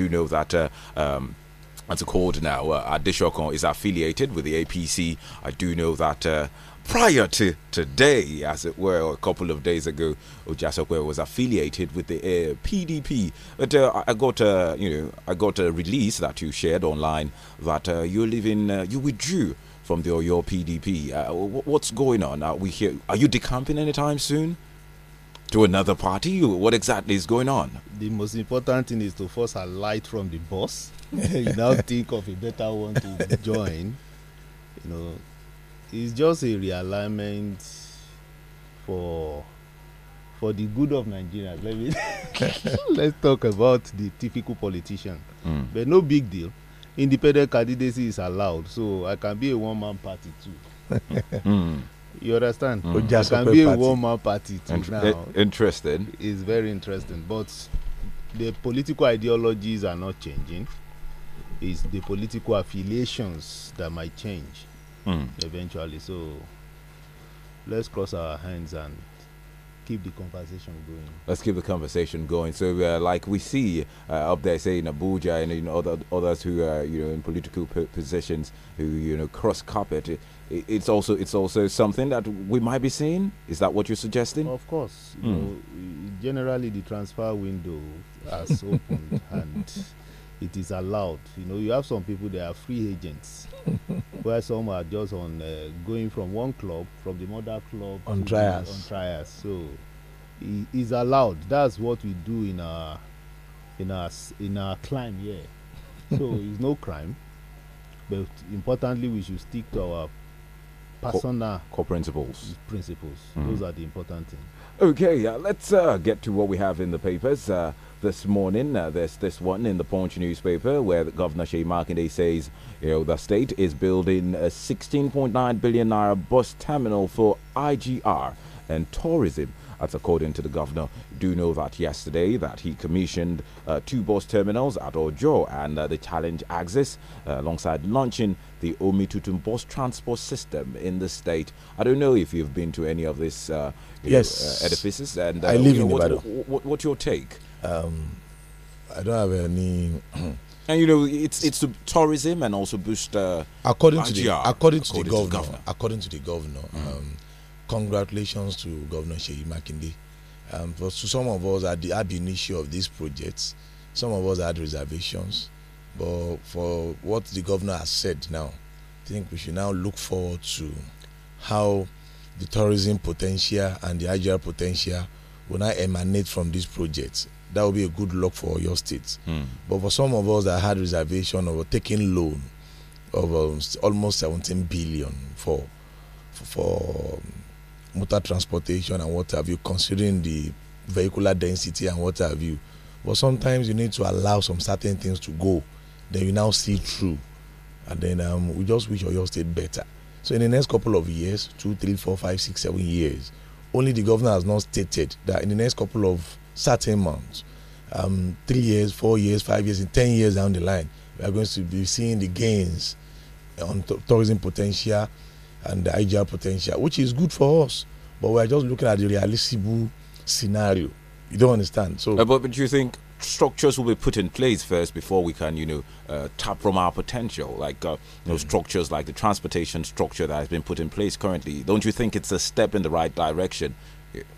do know that. Uh, um, as a called now, uh, Adeshokon is affiliated with the APC. I do know that uh, prior to today, as it were, a couple of days ago, Ojasokwe was affiliated with the uh, PDP. But uh, I got a, uh, you know, I got a release that you shared online that you're leaving, you withdrew from the your PDP. what's going on? Are we here? Are you decamping anytime soon? to another party? What exactly is going on? The most important thing is to force a light from the boss. you now think of a better one to join. You know, it's just a realignment for for the good of Nigeria. Let me let's talk about the typical politician. Mm. But no big deal. Independent candidacy is allowed, so I can be a one-man party too. mm. You understand? Mm. It can be a warm-up party too now. Eh, interesting. It's very interesting, but the political ideologies are not changing. It's the political affiliations that might change mm. eventually. So let's cross our hands and keep the conversation going. Let's keep the conversation going. So, uh, like we see uh, up there, say in Abuja and in you know, other others who are you know in political positions who you know cross carpet it's also it's also something that we might be seeing. Is that what you're suggesting? Of course. Mm. You hmm. know, generally, the transfer window has opened and it is allowed. You know, you have some people that are free agents, where some are just on uh, going from one club, from the mother club on trials. The, on trials. So it is allowed. That's what we do in our in our in our climb here. So it's no crime. But importantly, we should stick to our persona core, principles principles mm. those are the important things okay uh, let's uh, get to what we have in the papers uh, this morning uh, there's this one in the punch newspaper where governor Shea Markinde says you know the state is building a 16.9 billion naira bus terminal for igr and tourism that's according to the governor. Do know that yesterday that he commissioned uh, two bus terminals at Ojo and uh, the Challenge Axis uh, alongside launching the Omitutum bus transport system in the state. I don't know if you've been to any of these uh, yes. Uh, edifices. And I live in what, What, what, what's your take? Um, I don't have any. and you know it's it's the tourism and also boost uh, according, to the, according, according to the according, to the governor, according to the governor mm-hmm. um, congratulations to Governor Sheyi Makinde. Um, for some of us at the ab initio of these projects, some of us had reservations, but for what the governor has said now, I think we should now look forward to how the tourism potential and the agri potential will now emanate from these projects. That will be a good luck for your state. Mm. But for some of us that had reservation or taking loan of um, almost 17 billion for for, for um, motor transportation and what have you, considering the vehicular density and what have you. But sometimes you need to allow some certain things to go. Then you now see through. And then um, we just wish Oyo State better. So in the next couple of years, two, three, four, five, six, seven years, only the governor has not stated that in the next couple of certain months, um, three years, four years, five years, in ten years down the line, we are going to be seeing the gains on tourism potential and the IGR potential, which is good for us. But we're just looking at the realistic scenario. You don't understand. So, uh, but, but you think structures will be put in place first before we can, you know, uh, tap from our potential, like uh, you mm. know, structures like the transportation structure that has been put in place currently. Don't you think it's a step in the right direction,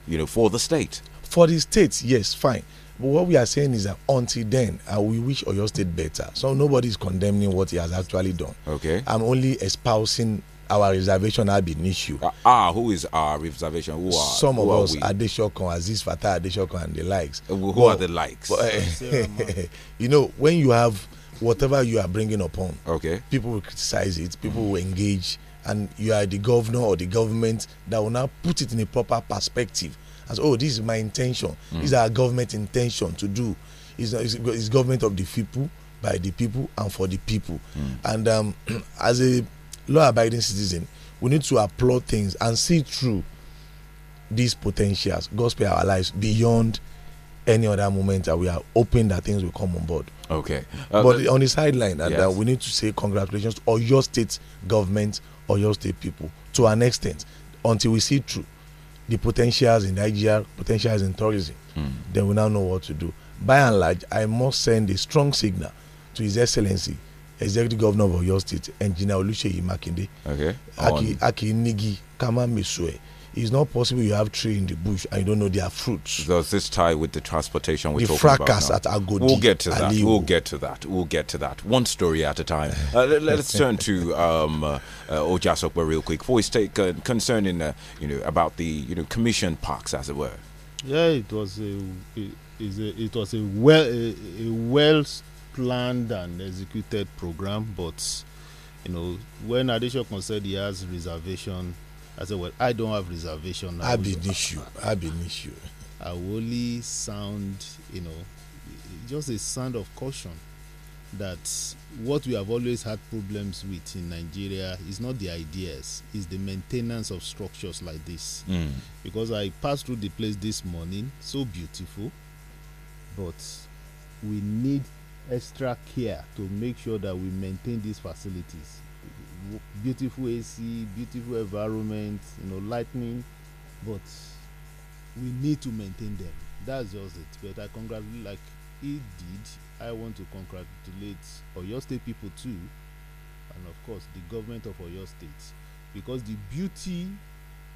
you know, for the state? For the state, yes, fine. But what we are saying is that until then, uh, we wish Oyo State better. So nobody is condemning what he has actually done. Okay. I'm only espousing our reservation had been issue. Uh, ah, ah, who is our reservation? Who are some who of are us? Adeshokon, Aziz Fatah Adeshokon, and the likes. Uh, who but, are the likes? But, uh, you know, when you have whatever you are bringing upon, okay, people will criticize it, people will engage, and you are the governor or the government that will now put it in a proper perspective. As oh, this is my intention. Mm. This is our government intention to do. It's, it's, it's government of the people, by the people, and for the people. Mm. And um, as a law abiding citizen, we need to applaud things and see through these potentials, gospel our lives beyond any other moment that we are hoping that things will come on board. Okay. Uh, but on the sideline, uh, yes. that we need to say congratulations or your state government or your state people to an extent until we see through the potentials in Nigeria, potentials in tourism. Mm. Then we now know what to do. By and large, I must send a strong signal to His Excellency executive governor of Oyo State, Engineer Oluseyi Makinde. Okay. Aki, Aki Nigi Kama miswe. It's not possible you have tree in the bush and you don't know their fruits. Does this tie with the transportation we're the talking about at Agodi. We'll get to that. We'll get to that. We'll get to that. One story at a time. uh, let, us turn to um, uh, Ojasokwe real quick. Voice take uh, concerning uh, you know about the you know commission parks as it were. Yeah, it was a, it, a, it was a well a, a well planned and executed program, but you know, when Adeshokun said he has reservation, I said, Well, I don't have reservation I've been issue. i be issue. I only sound, you know, just a sound of caution that what we have always had problems with in Nigeria is not the ideas, it's the maintenance of structures like this. Mm. Because I passed through the place this morning, so beautiful, but we need extra care to make sure that we maintain these facilities beautiful AC beautiful environment you know lightning but we need to maintain them that's just it but I congratulate like he did I want to congratulate Oyo State people too and of course the government of Oyo State because the beauty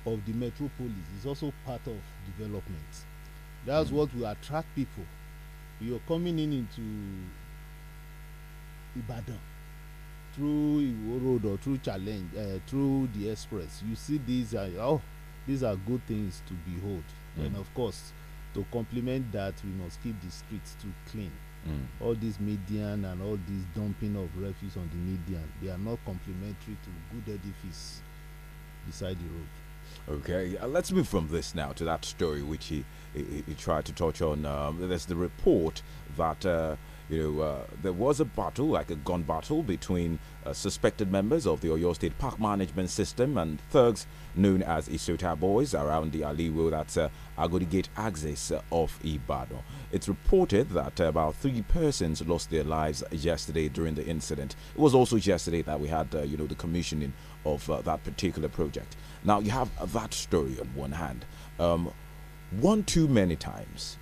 of the metropolis is also part of development that's mm. what will attract people You are coming in into Ibadan through Iwo Road or through challenge uh, through the express you see these are oh these are good things to behold mm. and of course to complement that we must keep the streets too clean mm. all this median and all this dumping of refuse on the median they are not complementary to good edifice beside the road Okay, uh, let's move from this now to that story which he, he, he tried to touch on. Um, there's the report that uh, you know, uh, there was a battle, like a gun battle, between uh, suspected members of the Oyo State Park Management System and thugs known as Isota Boys around the alleyway that's uh, Agodi Gate axis uh, of Ibadan. It's reported that about three persons lost their lives yesterday during the incident. It was also yesterday that we had, uh, you know, the commissioning of uh, that particular project. Now, you have that story on one hand. Um, one too many times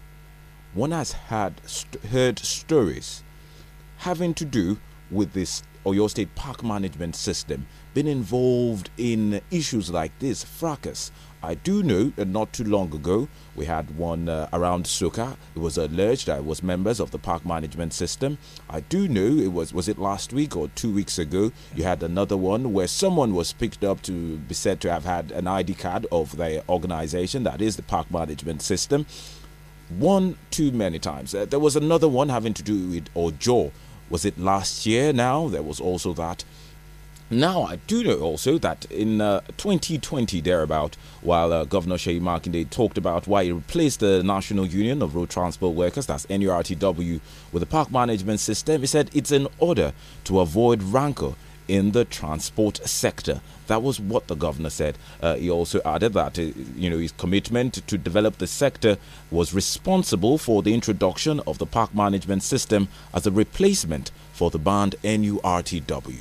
one has had st heard stories having to do with this Oyo State park management system been involved in issues like this fracas. I do know that not too long ago we had one uh, around Suka. It was alleged that it was members of the park management system. I do know it was was it last week or two weeks ago you had another one where someone was picked up to be said to have had an ID card of the organization that is the park management system one too many times. Uh, there was another one having to do with Ojo. Was it last year now? There was also that. Now, I do know also that in uh, 2020, thereabout, while uh, Governor Shea Markinde talked about why he replaced the National Union of Road Transport Workers, that's NURTW, with the park management system, he said it's in order to avoid rancor in the transport sector. That was what the governor said. Uh, he also added that uh, you know his commitment to develop the sector was responsible for the introduction of the park management system as a replacement for the band NURTW.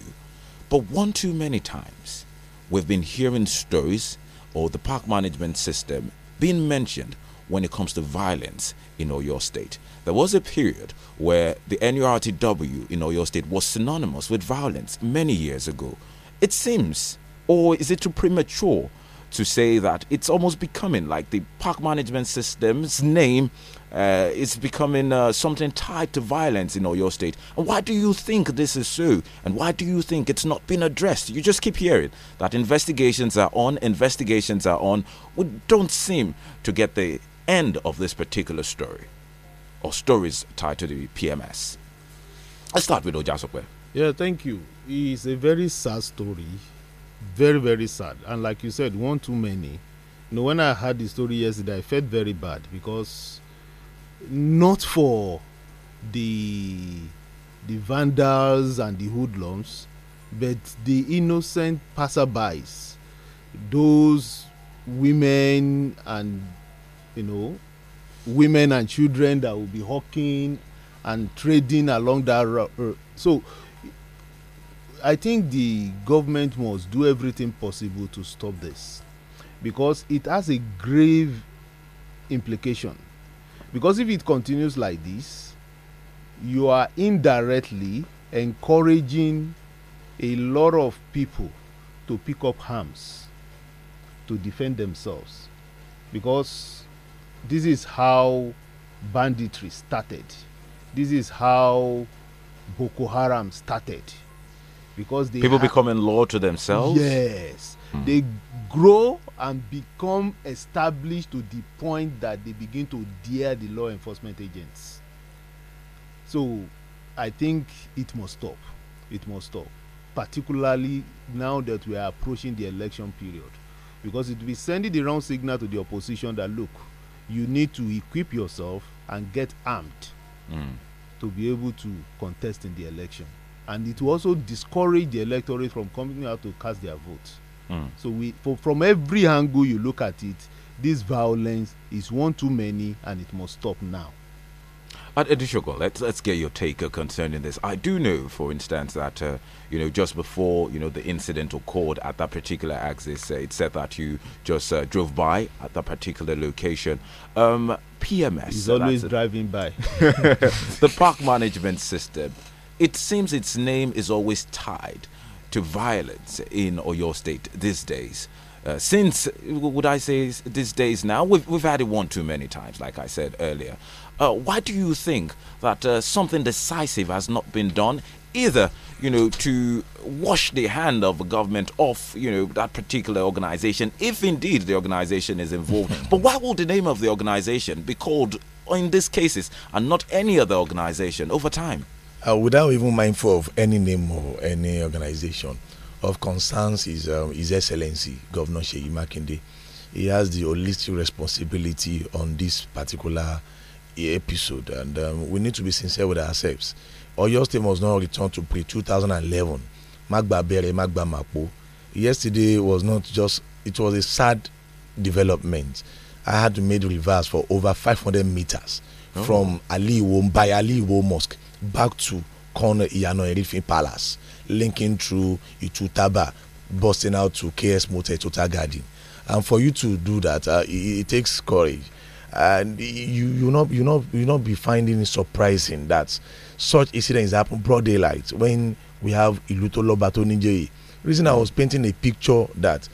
But one too many times, we've been hearing stories or the park management system being mentioned when it comes to violence in Oyo State. There was a period where the NURTW in Oyo State was synonymous with violence many years ago. It seems or is it too premature to say that it's almost becoming like the park management system's name uh, is becoming uh, something tied to violence in Oyo State? And why do you think this is so? And why do you think it's not been addressed? You just keep hearing that investigations are on, investigations are on. We don't seem to get the end of this particular story or stories tied to the PMS. Let's start with Ojasokwe. Yeah, thank you. It's a very sad story very very sad and like you said one too many you know, when I heard the story yesterday, I felt very bad because not for the the vandals and the hoodlums, but the innocent passerbys, those women and you know, women and children that will be hawking and trading along that road. So I think the government must do everything possible to stop this because it has a grave implication. Because if it continues like this, you are indirectly encouraging a lot of people to pick up arms to defend themselves because this is how banditry started this is how boko haram started because they people become in law to themselves. Yes, mm. they grow and become established to the point that they begin to dare the law enforcement agents. So, I think it must stop. It must stop, particularly now that we are approaching the election period, because it will be sending the wrong signal to the opposition that look, you need to equip yourself and get armed mm. to be able to contest in the election and it will also discourage the electorate from coming out to cast their vote. Mm. So we, for, from every angle you look at it, this violence is one too many, and it must stop now. At Edishogo, let's let's get your take uh, concerning this. I do know, for instance, that uh, you know just before you know the incident occurred at that particular axis, uh, it said that you just uh, drove by at that particular location. Um, PMS is uh, always driving by. the park management system it seems its name is always tied to violence in Oyo State these days. Uh, since would I say these days now we've we've had it one too many times, like I said earlier. Uh, why do you think that uh, something decisive has not been done, either you know to wash the hand of the government off you know that particular organization, if indeed the organization is involved? but why will the name of the organization be called in these cases and not any other organization over time? uh, without even mindful of any name or any organization, of concerns is um, His Excellency Governor Sheyi Makinde. He has the holistic responsibility on this particular episode, and um, we need to be sincere with ourselves. Oyo State must not return to pre-2011. Magba Bere, Magba Mapo. Yesterday was not just; it was a sad development. I had to make reverse for over 500 meters oh. from Ali Iwo by Ali Iwo Mosque back to corner Iyana Erifin Palace, linking through Taba, busting out to KS Motor Total Garden. And for you to do that, uh, it, it takes courage. And you you not you not you not be finding it surprising that such incidents happen broad daylight when we have Ilutoloba tó níjẹyè reason I was painting a picture that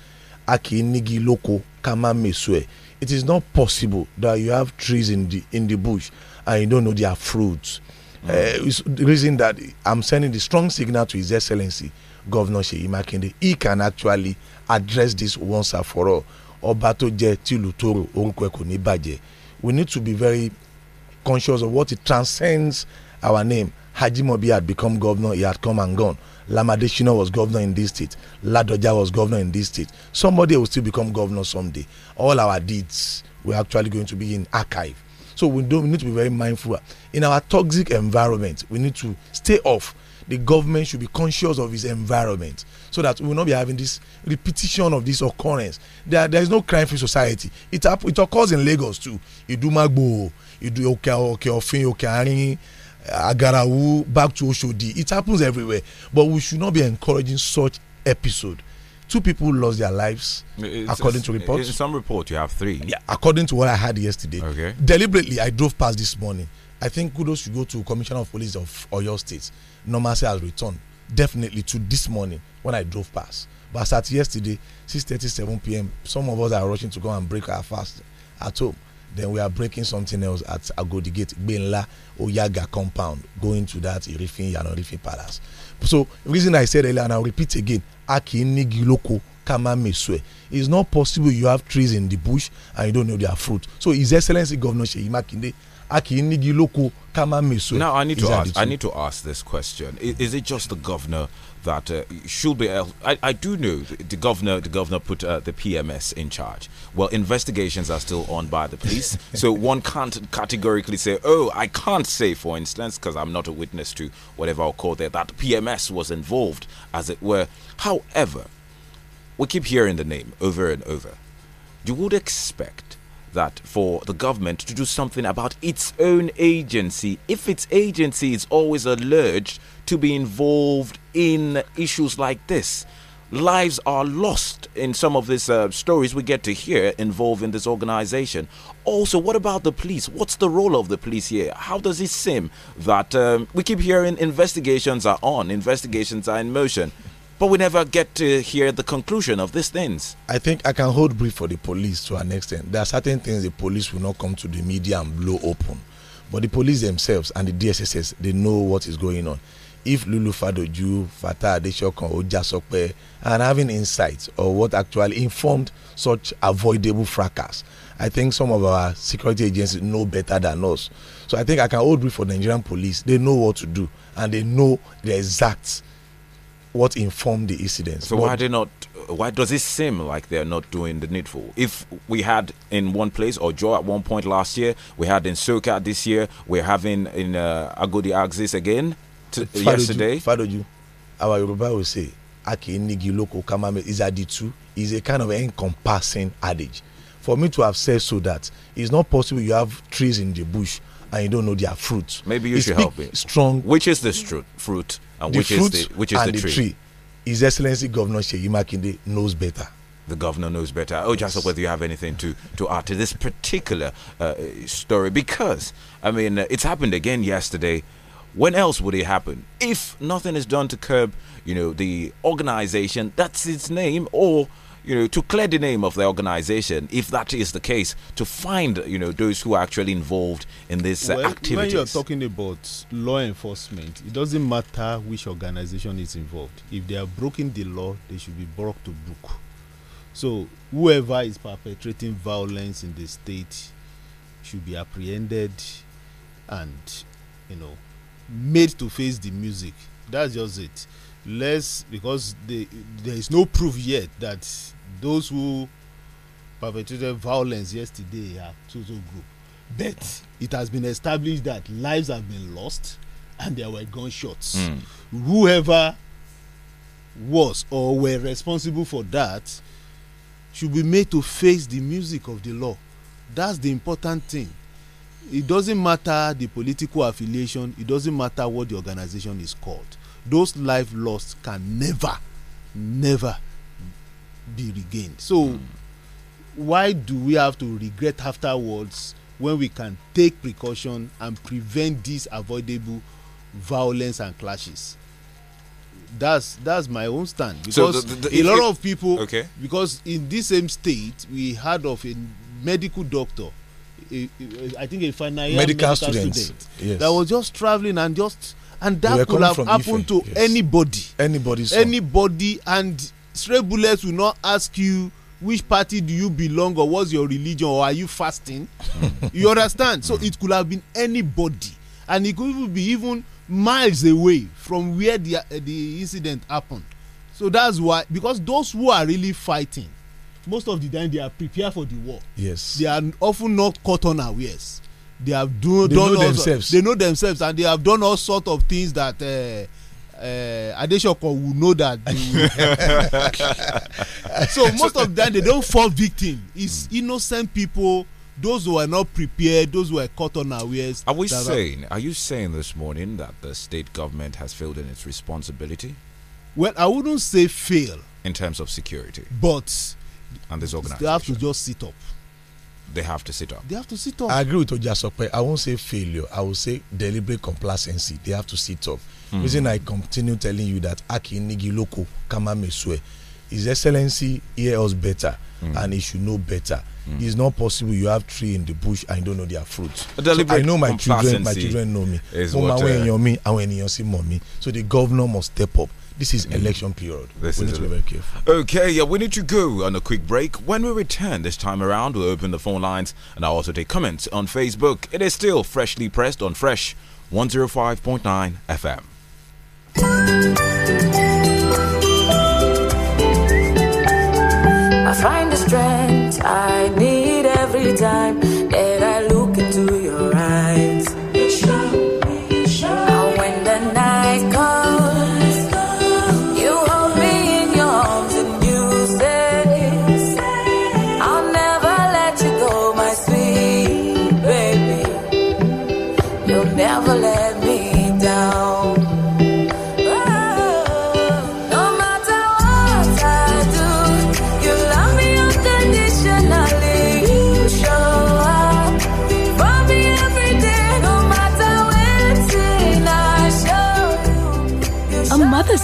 akinigi loko kama mesue it is not possible that you have trees in the in the bush and you don't know their fruits mm. uh, reason that I'm sending the strong signal to His Excellency Governor Seyi Makinde he can actually address this once and for all ọba tó jẹ́ tìlù tóró orúkọ ẹ̀ kò ní bàjẹ́ we need to be very conscious of what it transcends our name Hajimobi had become governor he had come and gone Lamade was governor in this state Ladoja was governor in this state somebody will still become governor someday all our deeds were actually going to be in archive So we don't we need to be very mindful. Ah. In our toxic environment, we need to stay off. The government should be conscious of its environment so that we will not be having this repetition of this occurrence. There, there is no crime-free society. It, it occurs in Lagos too. Idumagbo, Idu Oke Oke Ofin Oke Arin. Agarawu back to Oshodi. It happens everywhere. But we should not be encouraging such episode two people lost their lives, it's, according it's, to reports. In some report, you have three. Yeah, according to what I had yesterday. Okay. Deliberately, I drove past this morning. I think kudos should go to Commissioner of Police of Oyo State. Normalcy has returned definitely to this morning when I drove past. But as at yesterday, 6:37 p.m., some of us are rushing to go and break our fast at home. Then we are breaking something else at Agodi Gate, Benla Oyaga compound, going to that Irifin Yanorifin Palace. So, reason I said earlier, and I'll repeat again, a kì í nígi lóko ká má mèso ẹ̀ it's not possible you have trees in the bush and you don't know their fruit so his excellency governor Seyi Makinde a kì í nígi lóko ká má mèso. now i need to ask i need to ask this question is, is it just the governor that uh, should be. Uh, I, I do know the governor. The governor put uh, the PMS in charge. Well, investigations are still on by the police, so one can't categorically say, "Oh, I can't say," for instance, because I'm not a witness to whatever I'll call there that PMS was involved, as it were. However, we keep hearing the name over and over. You would expect that for the government to do something about its own agency if its agency is always alleged to be involved in issues like this. Lives are lost in some of these uh, stories we get to hear involving this organization. Also, what about the police? What's the role of the police here? How does it seem that um, we keep hearing investigations are on, investigations are in motion? but we never get to hear the conclusion of these things. I think I can hold brief for the police to an extent. There are certain things the police will not come to the media and blow open, but the police themselves and the DSSS they know what is going on. If Lulu Fadoju, Fata Adeshokan, Ojasope are having insights or what actually informed such avoidable fracas, I think some of our security agencies know better than us. So I think I can hold brief for the Nigerian police. They know what to do and they know the exact what informed the incident. So why they not? Why does it seem like they're not doing the needful? If we had in one place or Joe at one point last year, we had in Soka this year, we're having in uh, Agodi Axis again to, Fadoju, yesterday. Fadoju, our Yoruba will say, "Aki nigi loko kamame is aditu." Is a kind of encompassing adage. For me to have said so that it's not possible you have trees in the bush and you don't know their fruit. Maybe you should help me. Strong. Which is the Fruit and the which fruit is the, which is and the, tree? tree? His Excellency Governor Sheyi knows better. The governor knows better. Oh, yes. Jasper, whether you have anything to, to add to this particular uh, story, because I mean, uh, it's happened again yesterday when else would it happen if nothing is done to curb you know the organization that's its name or you know, to clear the name of the organization, if that is the case, to find, you know, those who are actually involved in this uh, well, When you're talking about law enforcement, it doesn't matter which organization is involved. If they are breaking the law, they should be brought to book. So whoever is perpetrating violence in the state should be apprehended and, you know, made to face the music. That's just it. Let's because they, there is no proof yet that those who perpetrated violence yesterday are Tutu group but it has been established that lives have been lost and there were gunshots. Mm. Whoever was or were responsible for that should be made to face the music of the law. That's the important thing. It doesn't matter the political affiliation, it doesn't matter what the organization is called. Those lives lost can never, never be regained so mm. why do we have to regret afterwards when we can take precaution and prevent these avoidable violence and clashes that's that's my own stand because so the, the, a lot it, of people okay because in this same state we heard of a medical doctor a, a, I think a final medical, medical student yes. that was just traveling and just and that could have happened Ife, to yes. anybody anybody anybody and stray bullets will not ask you which party do you belong or what's your religion or are you fasting you understand so it could have been anybody and it could even be even miles away from where the uh, the incident happened so that's why because those who are really fighting most of the time they are prepared for the war yes they are often not caught unawares they have do, they done know themselves. they know themselves and they have done all sort of things that uh, uh, Adeshoko will know that. so most of them they don't fall victim. It's mm. innocent people, those who are not prepared, those who are caught unawares. Are we saying? Are, are you saying this morning that the state government has failed in its responsibility? Well, I wouldn't say fail in terms of security, but and this organization they have to just sit up. They have to sit up. They have to sit up. I agree with Ojasope. I won't say failure. I will say deliberate complacency. They have to sit up Mm. Reason I continue telling you that Aki Nigiloko Kama His Excellency hear us better mm. and he should know better. Mm. It's not possible you have tree in the bush and you don't know their fruit. So I know my children, my children know me. Mama what, uh, mommy. So the governor must step up. This is mm. election period. This we need to be very careful. Okay, yeah, we need to go on a quick break. When we return this time around, we'll open the phone lines and I'll also take comments on Facebook. It is still freshly pressed on Fresh 105.9 FM. I find the strength I need every time that I look into your eyes. And when the night comes, you hold me in your arms and you say, I'll never let you go, my sweet baby. You'll never let me down.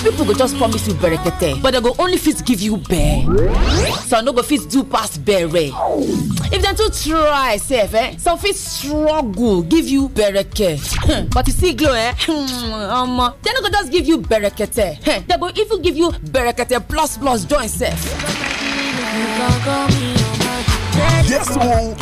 some people go just promise you berekete but dem go only fit give you bere some no go fit do pass bere if dem too try sef eh some fit struggle give you bereke hmm, but you see glow eh omo hmm, dem no go just give you berekete hmm, dem go even give you berekete plus plus join sef. Yes, so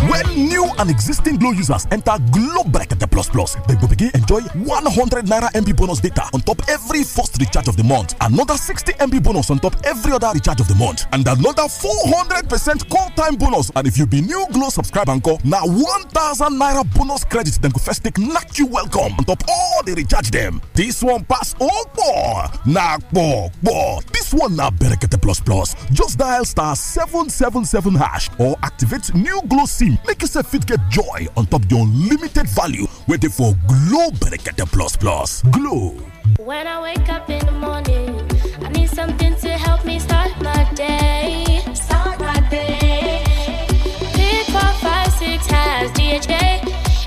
when new and existing Glow users enter Glow Bracket Plus Plus, they will begin enjoy 100 Naira MB bonus data on top every first recharge of the month, another 60 MB bonus on top every other recharge of the month, and another 400% call time bonus. And if you be new Glow subscriber encore, now 1000 Naira bonus credit, then go first take knock you welcome on top all the recharge them. This one pass all four. Nah, four, four. This one now Bracket Plus Plus. Just dial star 777 hash or activate activate new Glow SIM. Make yourself fit get joy on top of the unlimited value. Waiting for Glow Berekete Plus Plus. Glow. When I wake up in the morning, I need something to help me start my day. Start my day. Pick four, five, six has DHA.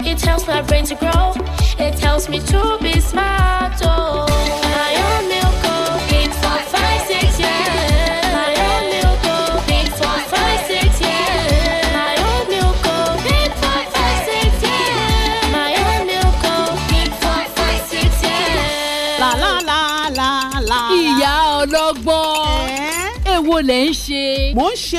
It helps my brain to grow. It helps me to be smart. Oh. shit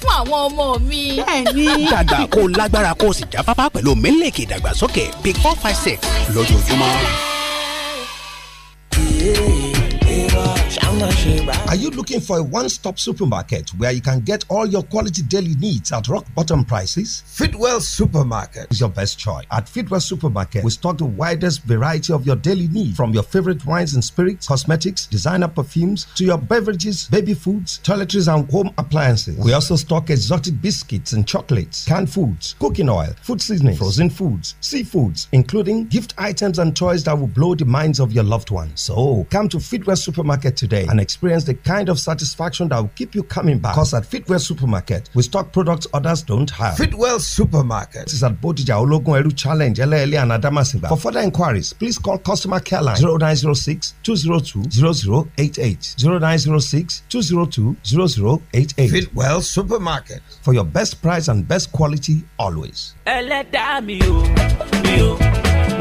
fún àwọn ọmọ mi. bẹ́ẹ̀ni. dàgbà kó lágbára kó o sì jáfáfá pẹ̀lú mílíkì ìdàgbàsókè big four five six lójoojúmọ́. Are you looking for a one stop supermarket where you can get all your quality daily needs at rock bottom prices? Fitwell Supermarket is your best choice. At Fitwell Supermarket, we stock the widest variety of your daily needs from your favorite wines and spirits, cosmetics, designer perfumes, to your beverages, baby foods, toiletries, and home appliances. We also stock exotic biscuits and chocolates, canned foods, cooking oil, food seasoning, frozen foods, seafoods, including gift items and toys that will blow the minds of your loved ones. So come to Fitwell Supermarket today and experience experience the kind of satisfaction that will keep you coming back. Because at Fitwell Supermarket, we stock products others don't have. Fitwell Supermarket. This is at Bodija Ologun Eru Challenge, Elele and Adamasiba. For further inquiries, please call customer care line 0906 202 0088 0906 202 0088. Fitwell Supermarket. For your best price and best quality always.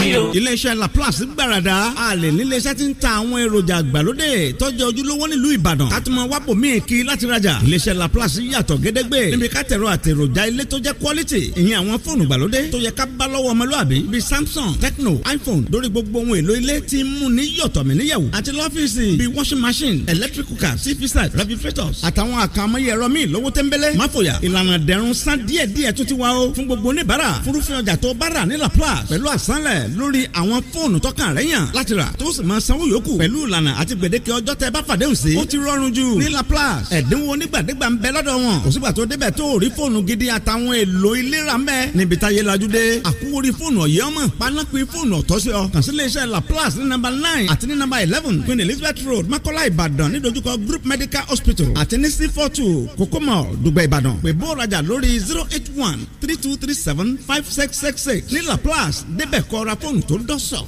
mi o. iléeṣẹ́ laplace gbàràdà alẹ́ níléeṣẹ́ ti ń ta àwọn èròjà àgbàlódé tọ́jú ojúlówó nílùú ìbàdàn kátùmọ̀ wápò míì kí láti rajà iléeṣẹ́ laplace yàtọ̀ gédégbé níbi kátẹ̀rọ àtèròjà ilé tó jẹ́ quality ìyẹn àwọn fóònù gbàlódé tó yẹ ká bá lọ́wọ́ ọmọlúàbí bíi samsung tecno iphone dórí gbogbo ohun èlò ilé ti mú ní yọ̀tọ̀ mí níyàwó àti lọ́fíìsì bíi washing machine electric cooker tv set refrigerators àtàwọn àkàmọ́yẹ ẹ̀rọ míì lówó tẹ́ńbẹ́lẹ́ má fòyà ìlànà dẹ̀rùn san díẹ̀díẹ̀ tó ti wá o fún gbogbo oníbàárà fúrúfin ọjà tó bá rà ní laplace pẹ̀lú àsánlẹ̀ lórí àwọn fóònù tọ́kàn rẹ̀ yàn láti rà tó sì máa sanwó yòókù pẹ̀lú ìlànà àti gbèdéke ọjọ́ tẹ bá fàdéhùn sí. ó ti rọrùn jù ní Laplace ẹ̀dínwó onígbàdégbà ń bẹ lọ́dọ̀ wọn kò sígbà tó débẹ̀ tó rí fóònù gidi àtàwọn èlò ìlera mẹ́. níbi táyé lajú dé àkúwórí fóònù ọ̀yẹ́ ọmọ panápin fóònù ọ̀tọ́ sí ọ kàn sí iléeṣẹ́ Laplace ní nọ́mbà nine àti ní nọ́mbà eleven Queen Elizabeth Road Mọ́kọ́lá Ìbàdàn nídojúkọ Group Medical Hospital àti ní c four two Coco Mall Dùgbẹ̀ Ìbàdàn pè bó rajà lórí zero eight one three two three seven five six six six ní Laplace débẹ̀ kọ́ra tuntun dọ́sàn.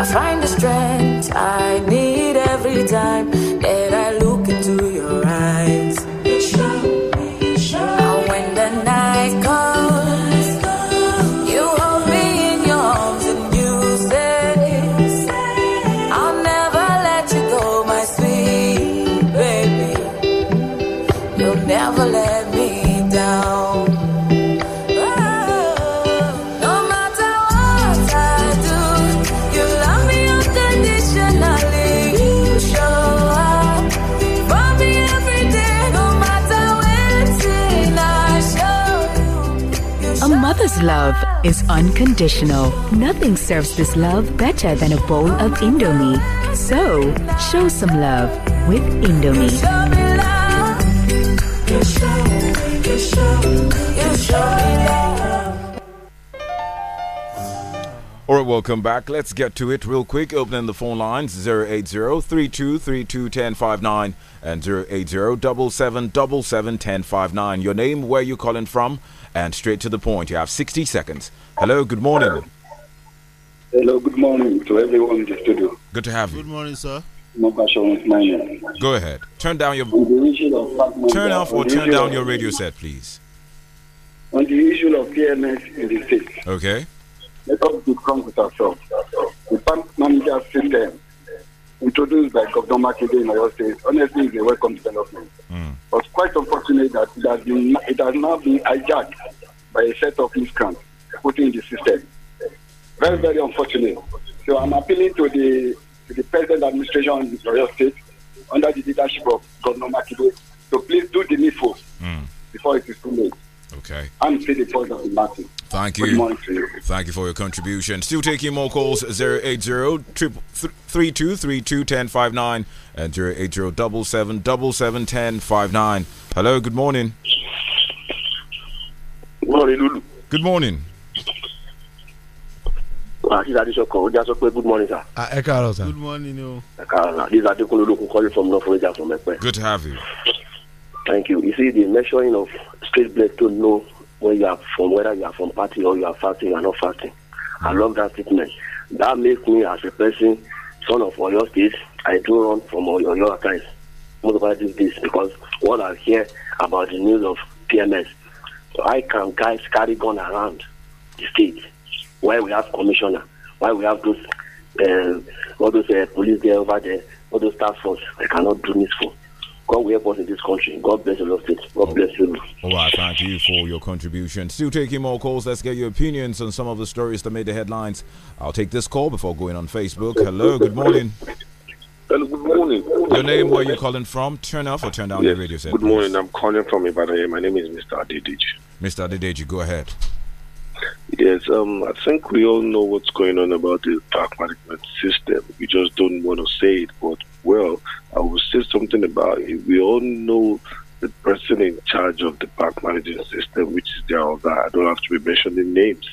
I find the strength I need every time that I look love is unconditional. Nothing serves this love better than a bowl of Indomie. So, show some love with Indomie. Show me love. All right, welcome back. Let's get to it real quick. Opening the phone lines 080-3232-1059 and 080-777-1059. Your name, where you calling from, and straight to the point. You have 60 seconds. Hello, good morning. Hello, good morning to everyone in the studio. Good to have you. Good morning, sir. Go ahead. Turn down your turn off or turn down your radio set, please. On the issue of PMS in the state. Okay let us be strong with ourselves. The bank manager system introduced by Governor Makinde in Oyo State honestly is a welcome development. Mm. But quite unfortunate that it has, been, it has now been hijacked by a set of miscreants putting in the system. Very, very unfortunate. So I'm appealing to the, to the present administration in Oyo State under the leadership of Governor Makinde to so please do the needful mm. before it is too late. Okay. I'm Philip Porter Martin. Thank you. Good morning to you. Thank you for your contribution. Still taking more calls 080 3232 1059 and 080 77 1059. Hello, good morning. Good morning, Lulu. Good morning. Ah, this is Adesokan. Oja sọ pé good morning, sir. Ah, ẹ sir. Good morning o. sir. This is Adekunle Olokun calling from North Nigeria from Ẹ̀pẹ́. Good to have you. Thank you. You see, the measuring of straight blade to know where you are from whether you are from party or you are fasting or not fasting. I love that statement. That makes me as a person, son of Oyo State, I do run from Oyo, your times. Most of do this because what I hear about the news of PMS, I can guys carry gun around the state why we have commissioner, why we have those uh, all those uh, police there over there, all those staff force. I cannot do this for. God will help us in this country. God bless all of God bless you. All right, thank you for your contribution. Still taking more calls. Let's get your opinions on some of the stories that made the headlines. I'll take this call before going on Facebook. Hello, good morning. Hello, good morning. Your name, where you calling from? Turn off or turn down yes. the radio set. Good morning. I'm calling from Ibadan. My name is Mr. Adidiji. Mr. Adidiji, go ahead. Yes, um, I think we all know what's going on about the park management system. We just don't want to say it, but well. I will say something about it. We all know the person in charge of the park managing system, which is the other, I don't have to be mentioning names.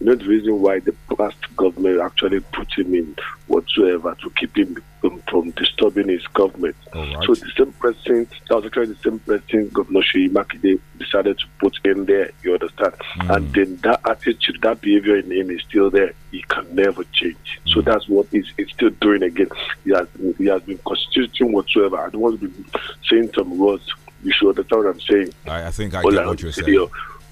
You know, the reason why the past government actually put him in whatsoever to keep him from, from disturbing his government. Right. So the same person, that was actually the same person Governor Sheyi they decided to put in there, you understand? Mm. And then that attitude, that behavior in him is still there. He can never change. Mm. So hmm. that's what he's, he's, still doing again. He has, he has been constituting whatsoever. I don't want to be saying some words you should understand what I'm saying. I, I think I all get what you're saying.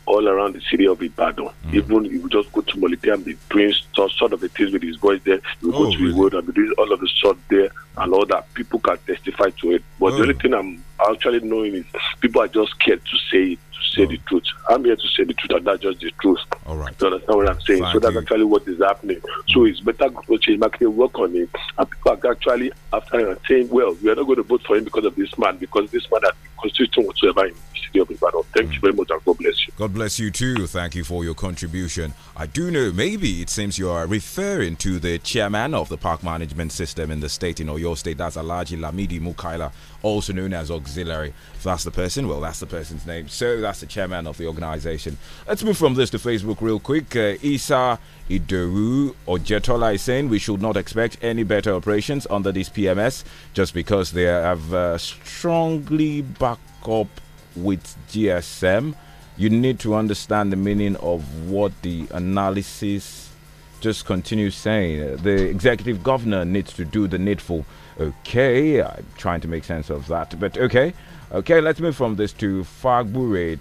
all around the city of Ibadan. Mm. Even if you just go to Molite and the doing some sort of the things with his voice there, you oh, go to really? world and be doing all of the sort there and all that. People can testify to it. But oh. the only thing I'm actually knowing is people are just scared to say it say oh. the truth. I'm here to say the truth and not just the truth. All right. You understand what I'm saying? Thank so that's you. actually what is happening. So mm. it's better to change marketing, work on it. And people are actually after uh, saying, well, we are not going to vote for him because of this man, because this man has constituent whatsoever in the city of Ibadan. Thank mm. you very much and God bless you. God bless you too. Thank you for your contribution. I do know maybe it seems you are referring to the chairman of the park management system in the state, in Oyo State. That's Alaji Lamidi Mukaila also known as auxiliary. that's the person. Well, that's the person's name. So that's the chairman of the organization. Let's move from this to Facebook real quick. Uh, Isa Idoru Ojetola is saying we should not expect any better operations under this PMS just because they have uh, strongly back up with GSM. You need to understand the meaning of what the analysis just continues saying. The executive governor needs to do the needful Okay, I'm trying to make sense of that, but okay. Okay, let's move from this to Fagbure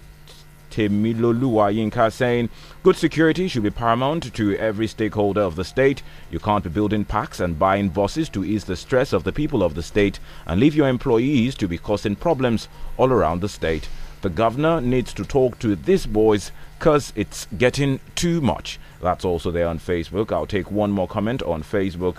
Temiloluwa Yinka saying, Good security should be paramount to every stakeholder of the state. You can't be building packs and buying buses to ease the stress of the people of the state and leave your employees to be causing problems all around the state. The governor needs to talk to these boys because it's getting too much. That's also there on Facebook. I'll take one more comment on Facebook.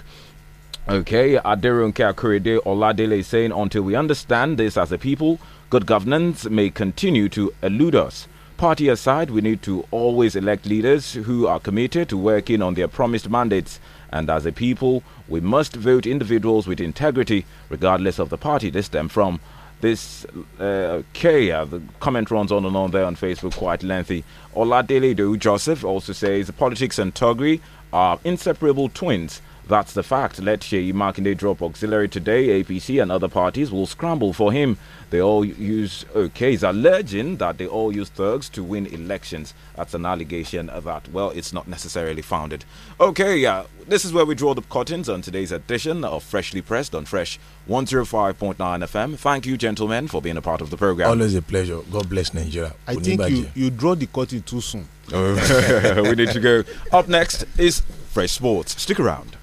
Okay, Adirun Kakuride Oladele is saying, until we understand this as a people, good governance may continue to elude us. Party aside, we need to always elect leaders who are committed to working on their promised mandates. And as a people, we must vote individuals with integrity, regardless of the party they stem from. This, uh, okay, uh, the comment runs on and on there on Facebook, quite lengthy. Oladele Joseph also says, politics and Togri are inseparable twins that's the fact. Let Sheyi Makinde drop auxiliary today. APC and other parties will scramble for him. They all use OKs, alleging that they all use thugs to win elections. That's an allegation that, well, it's not necessarily founded. Okay, yeah, this is where we draw the curtains on today's edition of Freshly Pressed on Fresh 105.9 FM. Thank you, gentlemen, for being a part of the program. Always a pleasure. God bless Nigeria. I think you, you draw the curtain too soon. we need to go. Up next is Fresh Sports. Stick around.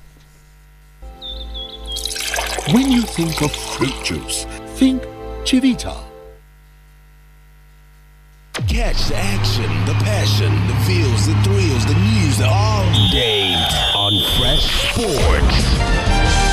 When you think of fruit juice, think Chivita. Catch the action, the passion, the feels, the thrills, the news all day on Fresh Sports.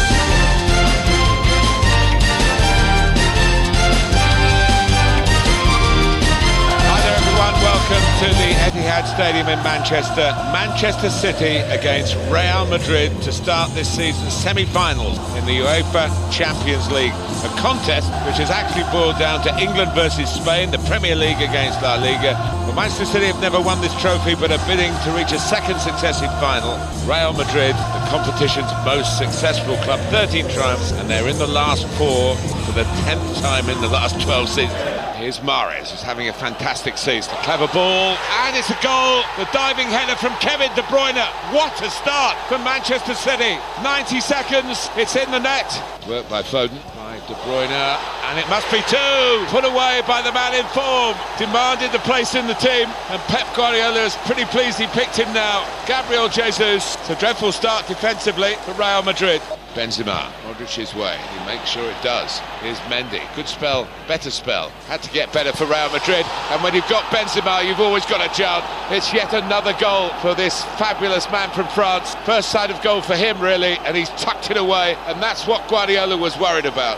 Welcome to the Etihad Stadium in Manchester. Manchester City against Real Madrid to start this season's semi-finals in the UEFA Champions League. A contest which has actually boiled down to England versus Spain, the Premier League against La Liga. Well, Manchester City have never won this trophy but are bidding to reach a second successive final. Real Madrid, the competition's most successful club, 13 triumphs, and they're in the last four for the 10th time in the last 12 seasons. Here's Mares, who's having a fantastic season. Clever ball, and it's a goal. The diving header from Kevin De Bruyne. What a start for Manchester City. 90 seconds, it's in the net. Worked by Foden, by De Bruyne, and it must be two. Put away by the man in form. Demanded the place in the team, and Pep Guardiola is pretty pleased he picked him now. Gabriel Jesus, it's a dreadful start defensively for Real Madrid. Benzema, Modric's way, he makes sure it does. Here's Mendy, good spell, better spell, had to get better for Real Madrid, and when you've got Benzema, you've always got a chance. It's yet another goal for this fabulous man from France. First side of goal for him, really, and he's tucked it away, and that's what Guardiola was worried about.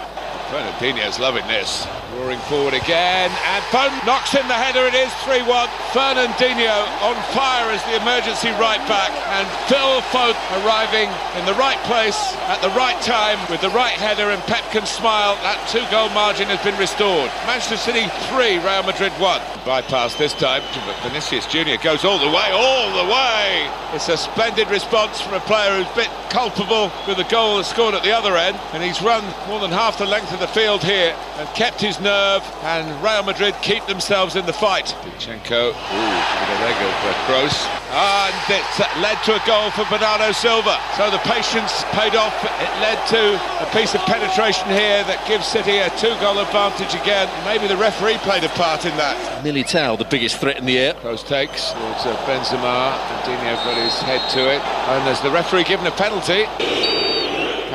Fernandinho's loving this. Roaring forward again, and Fern knocks in the header, it is 3-1. Fernandinho on fire as the emergency right back, and Phil Foden arriving in the right place at the right time with the right header, and Pep can smile. That two-goal margin has been restored. Manchester City 3, Real Madrid 1. Bypass this time, but Vinicius Junior goes all the way, all the way. It's a splendid response from a player who's a bit culpable with the goal scored at the other end, and he's run more than half the length of the field here and kept his nerve and Real Madrid keep themselves in the fight. Pichenko, ooh, there goes for Kroos. And it uh, led to a goal for Bernardo Silva. So the patience paid off. It led to a piece of penetration here that gives City a two-goal advantage again. Maybe the referee played a part in that. Militao, the biggest threat in the air. Kroos takes, towards uh, Benzema. Coutinho got his head to it. And there's the referee giving a penalty.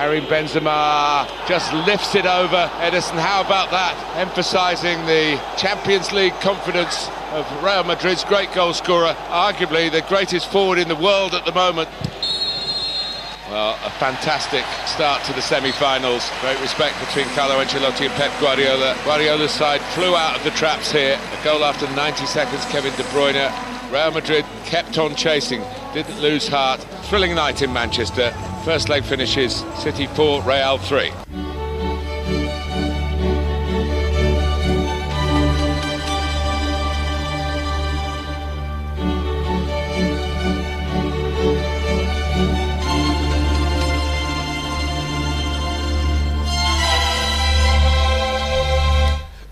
Karim Benzema just lifts it over Edison. How about that? Emphasising the Champions League confidence of Real Madrid's great goalscorer, arguably the greatest forward in the world at the moment. Well, a fantastic start to the semi-finals. Great respect between Carlo Ancelotti and Pep Guardiola. Guardiola's side flew out of the traps here. A goal after 90 seconds, Kevin De Bruyne. Real Madrid kept on chasing, didn't lose heart. Thrilling night in Manchester. First leg finishes City 4, Real 3.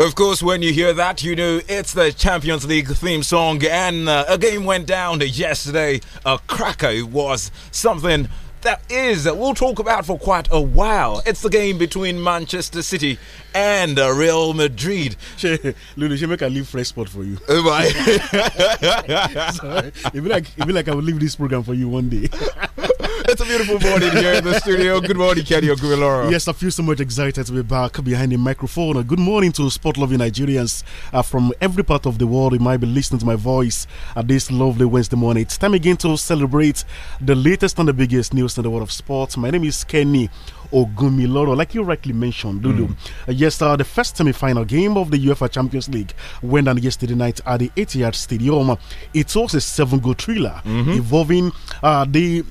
Of course, when you hear that, you know it's the Champions League theme song, and uh, a game went down yesterday. A cracker it was something that is we'll talk about for quite a while. It's the game between Manchester City and uh, Real Madrid. She, Lulu, she make a leave fresh spot for you. Oh my! Sorry, it be like it be like I will leave this program for you one day it's a beautiful morning here in the studio. Good morning, Kenny Ogumiloro. Yes, I feel so much excited to be back behind the microphone. Uh, good morning to sport-loving Nigerians uh, from every part of the world who might be listening to my voice at this lovely Wednesday morning. It's time again to celebrate the latest and the biggest news in the world of sports. My name is Kenny Ogumiloro. Like you rightly mentioned, Lulu. Mm. Uh, yes, uh, the first semi-final game of the UEFA Champions League went on yesterday night at the Etihad Stadium. It was a seven-goal thriller mm -hmm. involving uh, the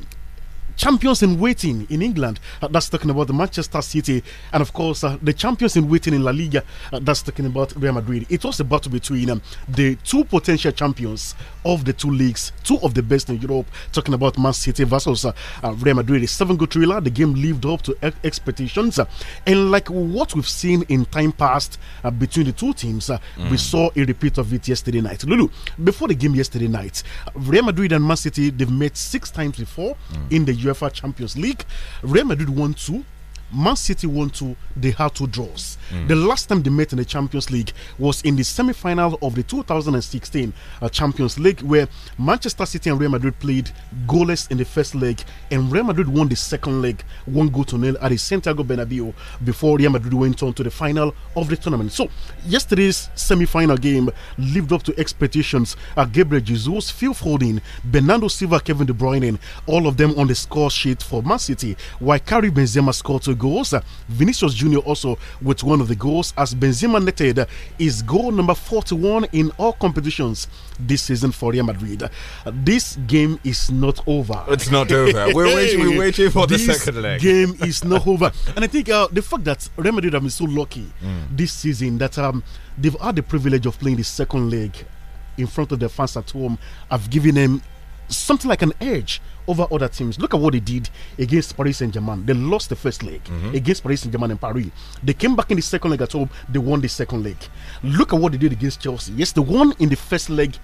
champions in waiting in England. Uh, that's talking about the Manchester City, and of course uh, the champions in waiting in La Liga. Uh, that's talking about Real Madrid. It was a battle between um, the two potential champions of the two leagues, two of the best in Europe. Talking about Man City versus uh, uh, Real Madrid, a seven-goal thriller. The game lived up to expectations, uh, and like what we've seen in time past between the two teams, mm. we saw a repeat of it yesterday night. Lulu, before the game yesterday night, Real Madrid and Man City they've met six times before mm. in the UEFA Champions League. Real Madrid won two. Man City won two, they had two draws. Mm. The last time they met in the Champions League was in the semi final of the 2016 uh, Champions League, where Manchester City and Real Madrid played goalless in the first leg, and Real Madrid won the second leg, one goal to nil at the Santiago Bernabeu before Real Madrid went on to the final of the tournament. So, yesterday's semi final game lived up to expectations. Uh, Gabriel Jesus, Phil Foden, Bernardo Silva, Kevin De Bruyne, all of them on the score sheet for Man City, while Karim Benzema scored goals. Uh, Vinicius Junior also with one of the goals as Benzema netted his uh, goal number 41 in all competitions this season for Real Madrid. Uh, this game is not over. It's not over. We're waiting. We're waiting for this the second leg. Game is not over, and I think uh, the fact that Real Madrid have been so lucky mm. this season that um, they've had the privilege of playing the second leg in front of their fans at home have given them something like an edge over other teams. Look at what they did against Paris Saint Germain. They lost the first leg mm -hmm. against Paris Saint Germain in Paris. They came back in the second leg at home. They won the second leg. Look at what they did against Chelsea. Yes, they won in the first leg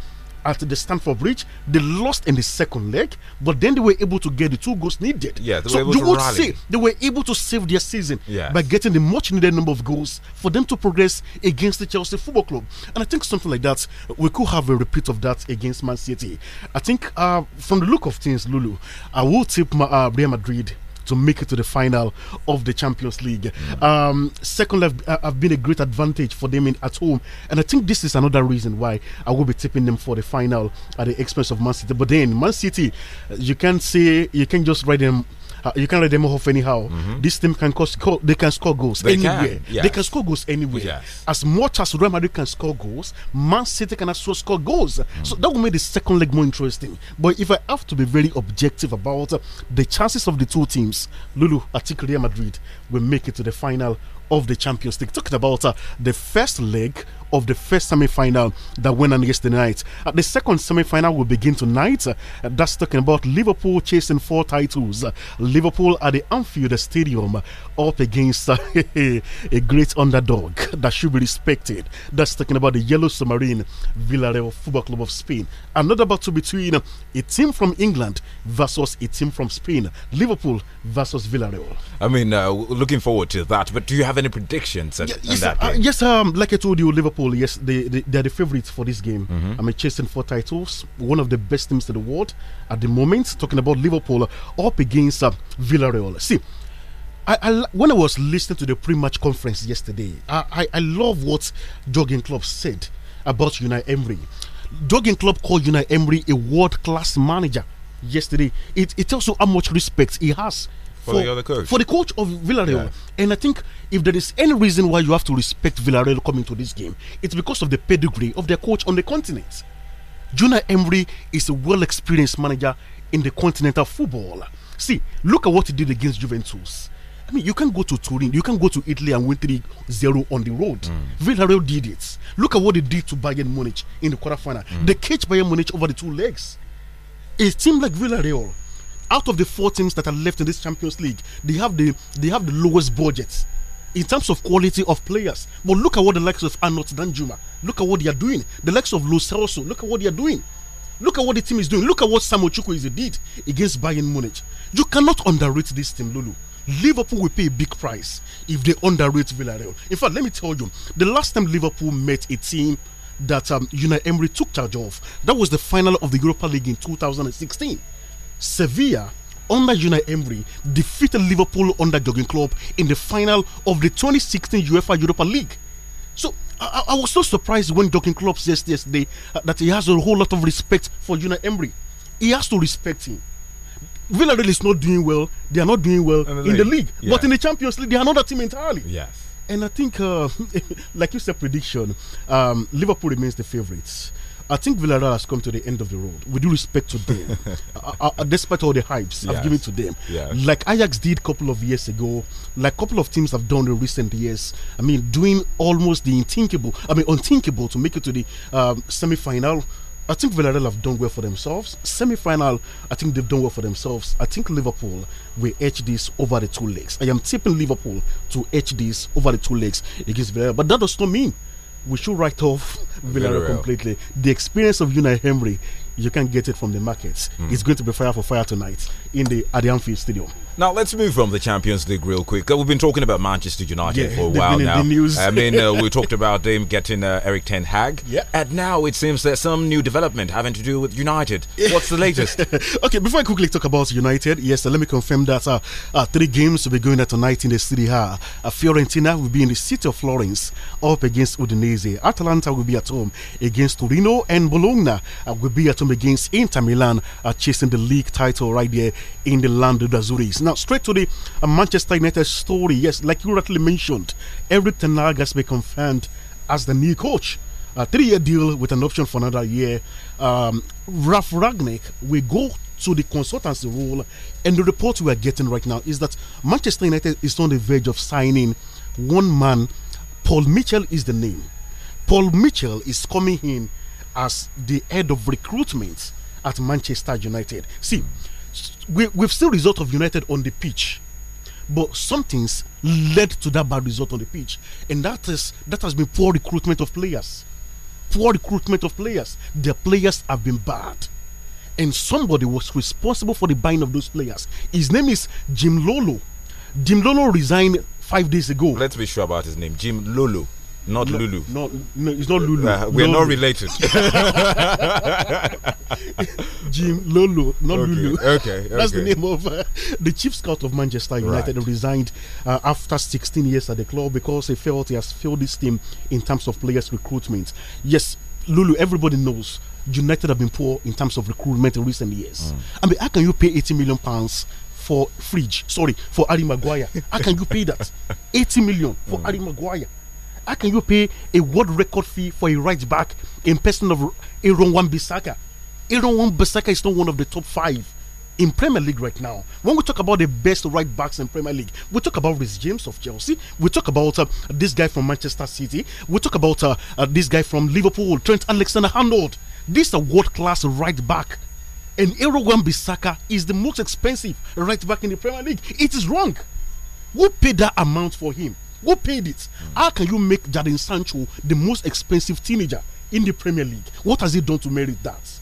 at the Stamford Bridge. They lost in the second leg, but then they were able to get the two goals needed. Yeah, so you would rally. say they were able to save their season yes. by getting the much needed number of goals for them to progress against the Chelsea Football Club. And I think something like that, we could have a repeat of that against Man City. I think uh, from the look of things, Lulu, I will tip my, uh, Real Madrid to make it to the final of the Champions League. Mm -hmm. um, second have been a great advantage for them in, at home, and I think this is another reason why I will be tipping them for the final at the expense of Man City. But then Man City, you can't say you can just write them uh, you can't let them off anyhow. Mm -hmm. This team can score, they can score goals they anywhere. Can, yes. They can score goals anywhere. Yes. As much as Real Madrid can score goals, Man City can also score goals. Mm -hmm. So that will make the second leg more interesting. But if I have to be very objective about uh, the chances of the two teams, Lulu, Atletico Real Madrid, will make it to the final of the Champions League. Talking about uh, the first leg of the first semi final that went on yesterday night. Uh, the second semi final will begin tonight. Uh, that's talking about Liverpool chasing four titles. Uh, Liverpool at the Anfield Stadium up against a great underdog that should be respected. That's talking about the Yellow Submarine Villarreal Football Club of Spain. Another battle between a team from England versus a team from Spain. Liverpool versus Villarreal. I mean, uh, looking forward to that. But do you have any predictions? Yeah, yes, that uh, yes um, like I told you, Liverpool Liverpool, yes, they, they, they are the favourites for this game. Mm -hmm. I mean, chasing four titles, one of the best teams in the world at the moment. Talking about Liverpool up against uh, Villarreal. See, I, I, when I was listening to the pre-match conference yesterday, I, I, I love what Jogging Club said about Unai Emery. Jogging Club called Unai Emery a world-class manager yesterday. It, it tells you how much respect he has for, for, the other coach. For the coach of Villarreal. And I think if there is any reason why you have to respect Villarreal coming to this game, it's because of the pedigree of their coach on the continent. Juna Emery is a well experienced manager in the continental football. See, look at what he did against Juventus. I mean, you can go to Turin, you can go to Italy and win 3 0 on the road. Mm. Villarreal did it. Look at what they did to Bayern Munich in the quarterfinal. Mm. They caged Bayern Munich over the two legs. A team like Villarreal out of the four teams that are left in this Champions League, they have the they have the lowest budgets in terms of quality of players. But look at what the likes of Arnott Danjuma, look at what they are doing. The likes of Lo Celso, look at what they are doing. Look at what the team is doing. Look at what Samuel is did against Bayern Munich. You cannot underrate this team, Lulu. Liverpool will pay a big price if they underrate Villarreal. In fact, let me tell you, the last time Liverpool met a team that um, Unai Emery took charge of, that was the final of the Europa League in 2016. Sevilla under Unai Emery defeated Liverpool under Jurgen Klopp in the final of the 2016 UEFA Europa League. So I, I was so surprised when Jurgen Klopp says yesterday uh, that he has a whole lot of respect for Unai Emery. He has to respect him. Villarreal is not doing well. They are not doing well in the league, the league. Yeah. but in the Champions League, they are another team entirely. Yes. And I think, uh, like you said, prediction, um, Liverpool remains the favourites. I think Villarreal has come to the end of the road. With due respect to them, uh, uh, uh, despite all the hypes yes. I've given to them, yes. like Ajax did a couple of years ago, like a couple of teams have done in recent years. I mean, doing almost the unthinkable. I mean, unthinkable to make it to the um, semi-final. I think Villarreal have done well for themselves. Semi-final, I think they've done well for themselves. I think Liverpool will edge this over the two legs. I am tipping Liverpool to edge this over the two legs against Villarreal, but that does not mean we should write off Villarreal completely. The experience of Unai Emery, you can't get it from the markets. Mm. It's going to be fire for fire tonight in the at the Stadium. Now let's move from the Champions League real quick. we've been talking about Manchester United yeah, for a while now. I mean, uh, we talked about them getting uh, Eric Ten Hag, yeah. and now it seems there's some new development having to do with United. What's the latest? okay, before I quickly talk about United, yes, uh, let me confirm that uh, uh, three games will be going on tonight in the City A Fiorentina will be in the city of Florence up against Udinese. Atalanta will be at home against Torino, and Bologna will be at home against Inter Milan, chasing the league title right there in the land of the Azuris. Now, straight to the uh, Manchester United story. Yes, like you rightly mentioned, every Ten Hag has been confirmed as the new coach. A three-year deal with an option for another year. Um, Ralph Ragnick will go to the consultancy role, and the report we are getting right now is that Manchester United is on the verge of signing one man. Paul Mitchell is the name. Paul Mitchell is coming in as the head of recruitment at Manchester United. See, we, we've still result of United on the pitch, but some things led to that bad result on the pitch, and that is that has been poor recruitment of players, poor recruitment of players. Their players have been bad, and somebody was responsible for the buying of those players. His name is Jim Lolo. Jim Lolo resigned five days ago. Let's be sure about his name, Jim Lolo. Not no, Lulu. No, no, it's not Lulu. Uh, we're not related. Jim Lolo, not okay. Lulu. Okay, okay. That's the name of uh, the chief scout of Manchester United right. resigned uh, after 16 years at the club because he felt he has failed his team in terms of players recruitment. Yes, Lulu, everybody knows United have been poor in terms of recruitment in recent years. Mm. I mean, how can you pay 80 million pounds for Fridge? Sorry, for Harry Maguire. how can you pay that? 80 million for mm. Maguire. How can you pay a world record fee for a right back in person of Aaron Wan-Bissaka? Aaron Bissaka is not one of the top five in Premier League right now. When we talk about the best right backs in Premier League, we talk about this James of Chelsea. We talk about uh, this guy from Manchester City. We talk about uh, uh, this guy from Liverpool, Trent Alexander-Arnold. This is a world-class right back. And Aaron Wan-Bissaka is the most expensive right back in the Premier League. It is wrong. Who paid that amount for him? Who paid it? Mm. How can you make Jadon Sancho the most expensive teenager in the Premier League? What has he done to merit that?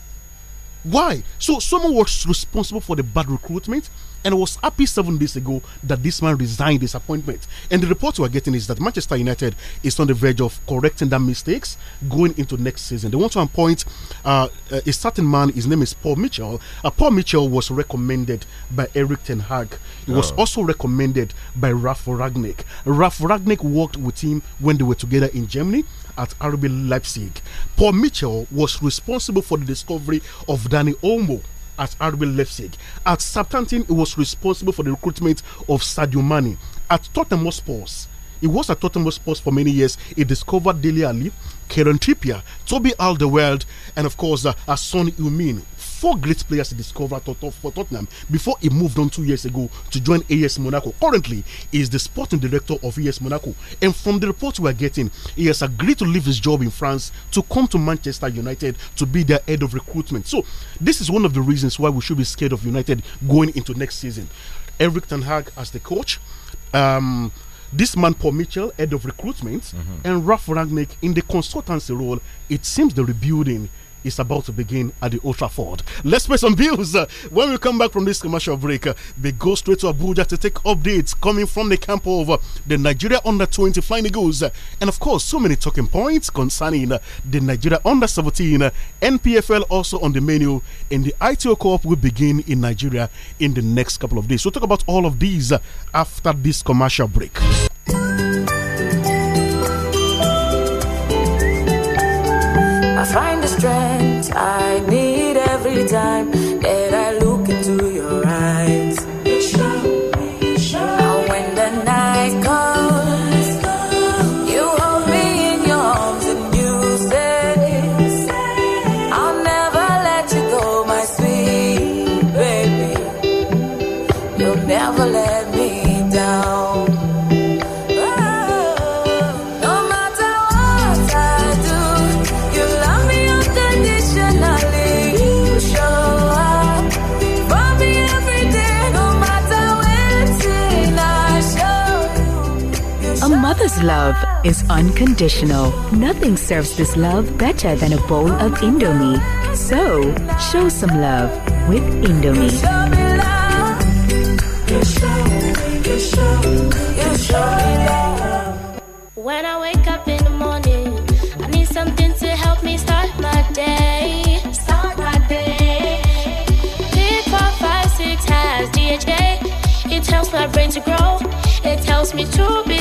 Why? So someone was responsible for the bad recruitment and was happy seven days ago that this man resigned his appointment. And the report we're getting is that Manchester United is on the verge of correcting their mistakes going into next season. They want to appoint uh, a certain man, his name is Paul Mitchell. Uh, Paul Mitchell was recommended by Eric Ten Hag. He oh. was also recommended by Ralph Ragnick. Ralph Ragnick worked with him when they were together in Germany at RB Leipzig. Paul Mitchell was responsible for the discovery of Danny Olmo at RB Leipzig. At Southampton, he was responsible for the recruitment of Sadio Mane. At Tottenham Sports, he was at Tottenham Sports for many years. He discovered Dele Ali, Karen Trippier, Toby Alderweireld, and of course, uh, Son Umin four great players he discovered for Tottenham before he moved on two years ago to join AS Monaco. Currently, he is the sporting director of AS Monaco. And from the reports we are getting, he has agreed to leave his job in France to come to Manchester United to be their head of recruitment. So, this is one of the reasons why we should be scared of United going into next season. Eric Ten Hag as the coach. Um, this man Paul Mitchell, head of recruitment, mm -hmm. and Ralph Rangnick in the consultancy role. It seems the rebuilding is about to begin at the Ultra Ford. Let's pay some bills. Uh, when we come back from this commercial break, uh, we go straight to Abuja to take updates coming from the camp of uh, the Nigeria under 20 Flying Eagles. and of course, so many talking points concerning the Nigeria under 17 NPFL also on the menu. And the ITO Co-op will begin in Nigeria in the next couple of days. We'll talk about all of these after this commercial break. I find the strength I need love is unconditional. Nothing serves this love better than a bowl of Indomie. So, show some love with Indomie. When I wake up in the morning, I need something to help me start my day. Start my day. Pick four, five, six has DHA. It helps my brain to grow. It helps me to be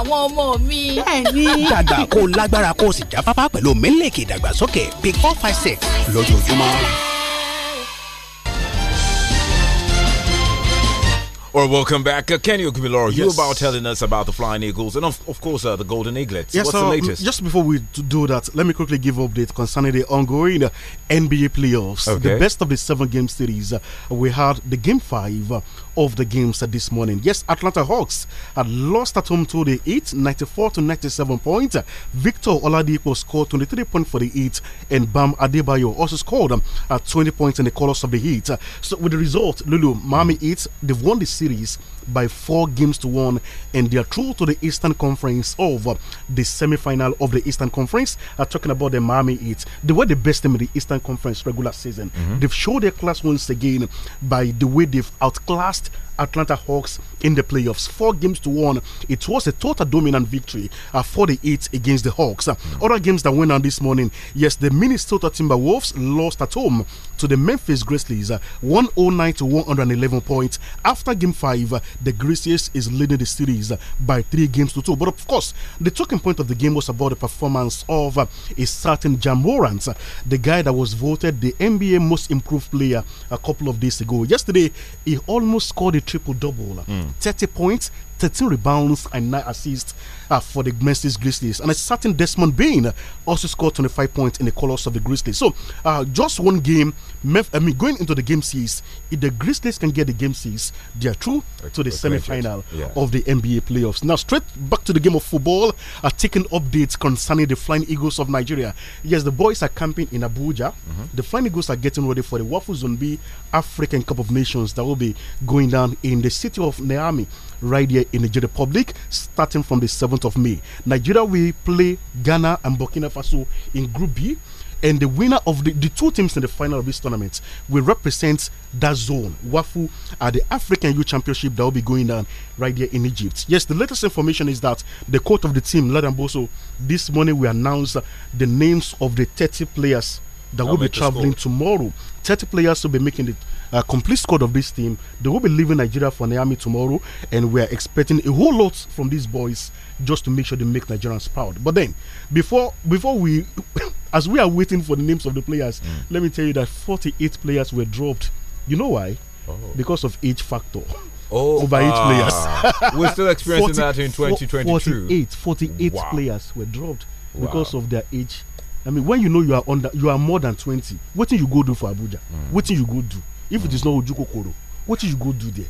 àwọn ọmọ mi. bẹ́ẹ̀ni. dàgbà kó lágbára kó sì jáfáfá pẹ̀lú mílíkì ìdàgbàsókè big four five six lójoojúmọ́. Or welcome back. Uh, Kenny Okubiloro, yes. you were about telling us about the Flying Eagles and, of, of course, uh, the Golden Eaglets. Yes, What's uh, the latest? Just before we do that, let me quickly give update concerning the ongoing uh, NBA playoffs. Okay. The best of the seven game series. Uh, we had the game five of the games this morning. Yes, Atlanta Hawks had lost at home to the Heat, 94 to 97 points. Victor Oladipo scored 23 points for the Heat, and Bam Adebayo also scored um, uh, at 20 points in the colors of the Heat. So with the result, Lulu, Miami Heat, they've won the series by four games to one, and they are through to the Eastern Conference of uh, the semi-final of the Eastern Conference. Uh, talking about the Miami Heat, they were the best team in the Eastern Conference regular season. Mm -hmm. They've showed their class once again by the way they've outclassed Atlanta Hawks in the playoffs. Four games to one. It was a total dominant victory uh, for the Heat against the Hawks. Uh, mm. Other games that went on this morning. Yes, the Minnesota Timberwolves lost at home to the Memphis Grizzlies, uh, 109 to 111 points. After game five, the Grizzlies is leading the series by three games to two. But of course, the talking point of the game was about the performance of uh, a certain Jamorant, the guy that was voted the NBA most improved player a couple of days ago. Yesterday, he almost scored a triple double mm. 30 points, 13 rebounds and 9 assists uh, for the Memphis Grizzlies. And a certain Desmond Bain also scored 25 points in the colors of the Grizzlies. So, uh, just one game, I mean, going into the game series, if the Grizzlies can get the game series, they are through to the semi final yeah. of the NBA playoffs. Now, straight back to the game of football, uh, taking updates concerning the Flying Eagles of Nigeria. Yes, the boys are camping in Abuja. Mm -hmm. The Flying Eagles are getting ready for the Waffle Zone B African Cup of Nations that will be going down in the city of Niamey right here in Nigeria Republic starting from the 7th of May. Nigeria will play Ghana and Burkina Faso in Group B and the winner of the, the two teams in the final of this tournament will represent that zone. Wafu at the African Youth Championship that will be going on right there in Egypt. Yes, the latest information is that the coach of the team, Ladan Boso, this morning we announced the names of the 30 players that I'll will be traveling tomorrow. 30 players will be making the uh, complete squad of this team. They will be leaving Nigeria for Miami tomorrow, and we are expecting a whole lot from these boys just to make sure they make Nigerians proud. But then, before before we, as we are waiting for the names of the players, mm. let me tell you that 48 players were dropped. You know why? Oh. Because of age factor. Oh, over ah. eight players. we're still experiencing 40, that in 2022. 48, 48 wow. players were dropped wow. because of their age. I mean, when you know you are under, you are more than 20. What do you go do for Abuja? Mm. What do you go do? if it is not ojukokoro wetin you go do there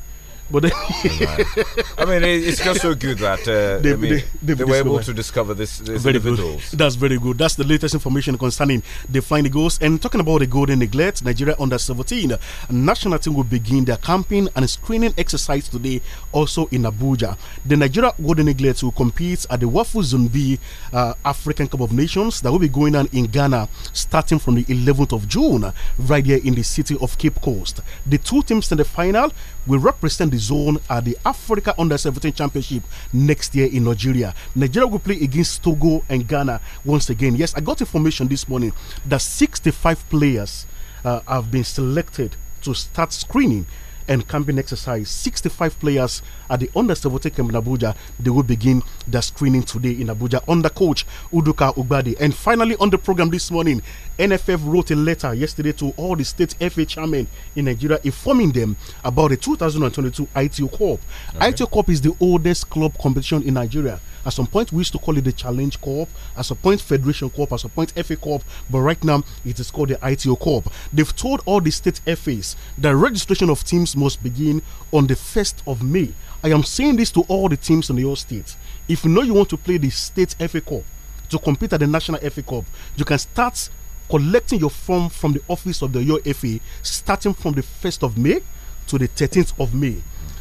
But I mean, it's just so good that uh, they, mean, they, they, were able to discover this, this very Good. That's very good. That's the latest information concerning the flying goals. And talking about the golden neglect, Nigeria under 17 national team will begin their camping and screening exercise today, also in Abuja. The Nigeria golden neglect will compete at the Waffle Zombie uh, African Cup of Nations that will be going on in Ghana starting from the 11th of June, right here in the city of Cape Coast. The two teams in the final will represent the zone at the Africa Under 17 Championship next year in Nigeria. Nigeria will play against Togo and Ghana once again. Yes, I got information this morning that 65 players uh, have been selected to start screening and camping exercise. 65 players at the under 17 camp in Abuja. They will begin their screening today in Abuja under coach Uduka Ugbadi. And finally, on the program this morning, NFF wrote a letter yesterday to all the state FA chairmen in Nigeria informing them about the 2022 ITO Cup. Okay. ITO Cup is the oldest club competition in Nigeria. At some point, we used to call it the Challenge Cup. At some point, Federation Cup. At some point, FA Cup. But right now, it is called the ITO Cup. They've told all the state FAs that registration of teams must begin on the 1st of May. I am saying this to all the teams in your state. If you know you want to play the state FA Cup, to compete at the National FA Cup, you can start collecting your form from the office of the your FA starting from the 1st of May to the 13th of May.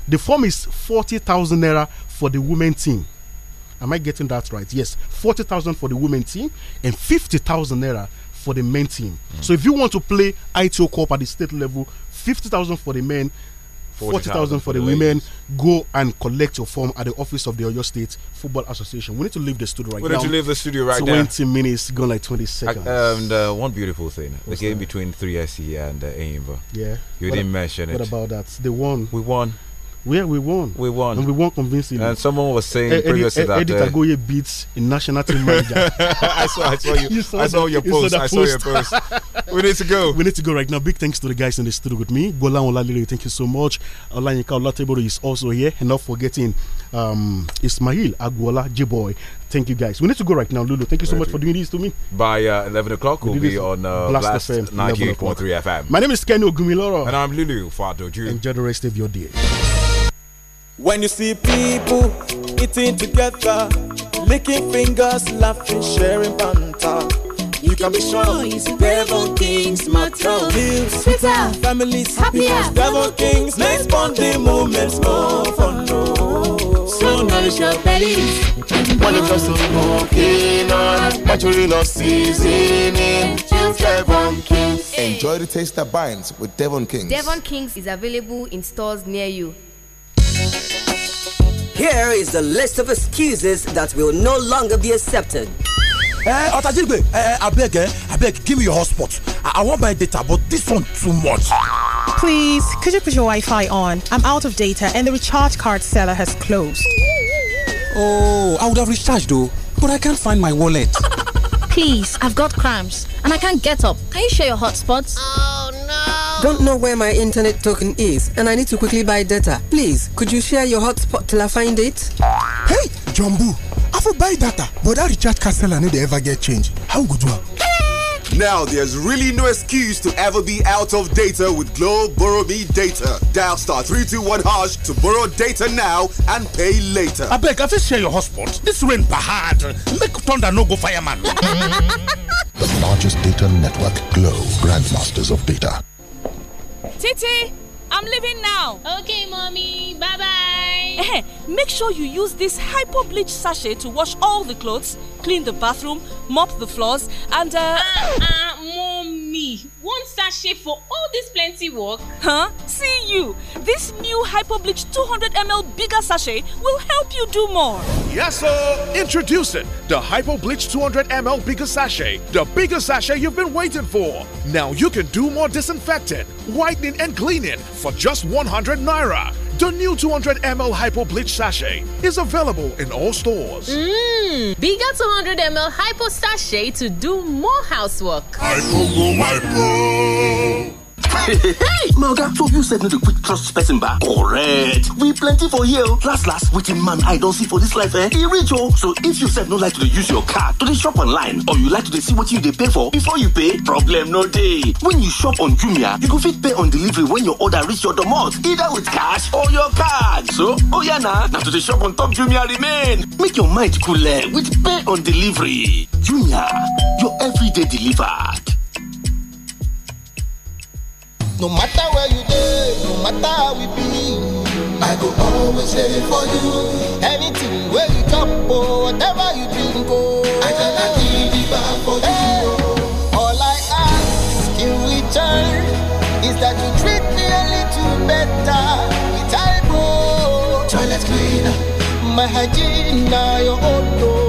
The form is 40,000 naira for the women team. Am I getting that right? Yes, 40,000 for the women team and 50,000 naira for the men team. Mm. So if you want to play ITO Cup at the state level, 50,000 for the men, 40,000 for the women. Go and collect your form at the office of the Oyo State Football Association. We need to leave the studio right we now. We need to leave the studio right 20 now. 20 minutes, gone like 20 seconds. I, uh, and uh, one beautiful thing What's the game that? between 3SE and uh, Aimba. Yeah. You what didn't mention what it. What about that? They won. We won. Where we won. We won. And we won convincingly. And someone was saying Ed, previously that. Edith uh, Agoye beats a national team manager. I, saw, I saw you. you saw I saw that, your post. Saw I saw your post. we need to go. We need to go right now. Big thanks to the guys in the studio with me. Gola Olalire, thank you so much. Olanyika Olateboro is also here. And not forgetting um, Ismail Agwola Jiboy. Thank you guys. We need to go right now, Lulu. Thank you so much for doing this to me. By uh, 11 o'clock, we'll, be on uh, Blast, Blast 98.3 FM. My name is Kenny Ogumiloro. And I'm Lulu Fadoju. Enjoy the rest of your day. When you see people eating together, licking fingers, laughing, sharing banter. You, you can, be sure, it's Devil Kings Matro Live sweeter, families happier Because Devil Kings makes bonding moments more for no soul, nourish your bellies. Money for soul, cooking on. Naturally love seasoning. Devon Enjoy the taste that binds with Devon Kings. Devon Kings is available in stores near you. Here is the list of excuses that will no longer be accepted eh otajigbe eh, eh abeg eh, abeg give me your hotspot i want my data but this one too much please could you put your wi-fi on i'm out of data and the recharge card seller has closed oh i would have recharged though but i can't find my wallet please i've got cramps and i can't get up can you share your hotspots oh no don't know where my internet token is and I need to quickly buy data. Please, could you share your hotspot till I find it? Hey, Jumbo, I for buy data, but that recharge card seller need to ever get change. How good one? Now there's really no excuse to ever be out of data with Globe Borrow Me Data. Dial star 321 hash to borrow data now and pay later. I beg, I share your hotspot. This rain bahad. Make thunder no go fireman. the largest data network, Globe, grandmasters of data. Titi, I'm leaving now. Okay, mommy. Bye bye. Eh, make sure you use this hypo bleach sachet to wash all the clothes, clean the bathroom, mop the floors, and uh. Uh, uh mommy, one sachet for all this plenty work? Huh? See you. This new hypo bleach 200 ml bigger sachet will help you do more. Yes, sir. Introducing the hypo bleach 200 ml bigger sachet, the bigger sachet you've been waiting for. Now you can do more disinfecting, whitening, and cleaning for just 100 naira. The new 200 ml Hypo Bleach Sachet is available in all stores. Mmm, bigger 200 ml Hypo Sachet to do more housework. Hypo, go, hypo. my so you said no to quick trust person ba correct we plenty for here last last which man I don't see for this life eh e reach o so if you said no like to use your card to the shop online or you like to see what you they pay for before you pay problem no day. when you shop on jumia you can fit pay on delivery when your order reach your domot either with cash or your card so oh yeah, na Now to the shop on top jumia remain make your mind cool with pay on delivery jumia your everyday delivered. No matter where you go, no matter how we be, I go always ready for you. Anything where you chop or oh, whatever you drink, oh, I cannot be the bar for hey. you. Oh. All I ask in return is that you treat me a little better. It's oh. Toilet cleaner, my hygiene now your own.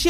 shit.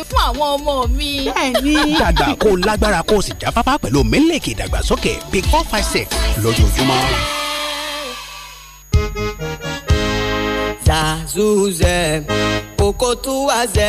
ni fún àwọn ọmọ mi. bẹ́ẹ̀ni. dàgbà kó lágbára kó o sì jáfáfá pẹ̀lú mílíkì ìdàgbàsókè big four five six lójoojúmọ́. Zazuzem o kó tú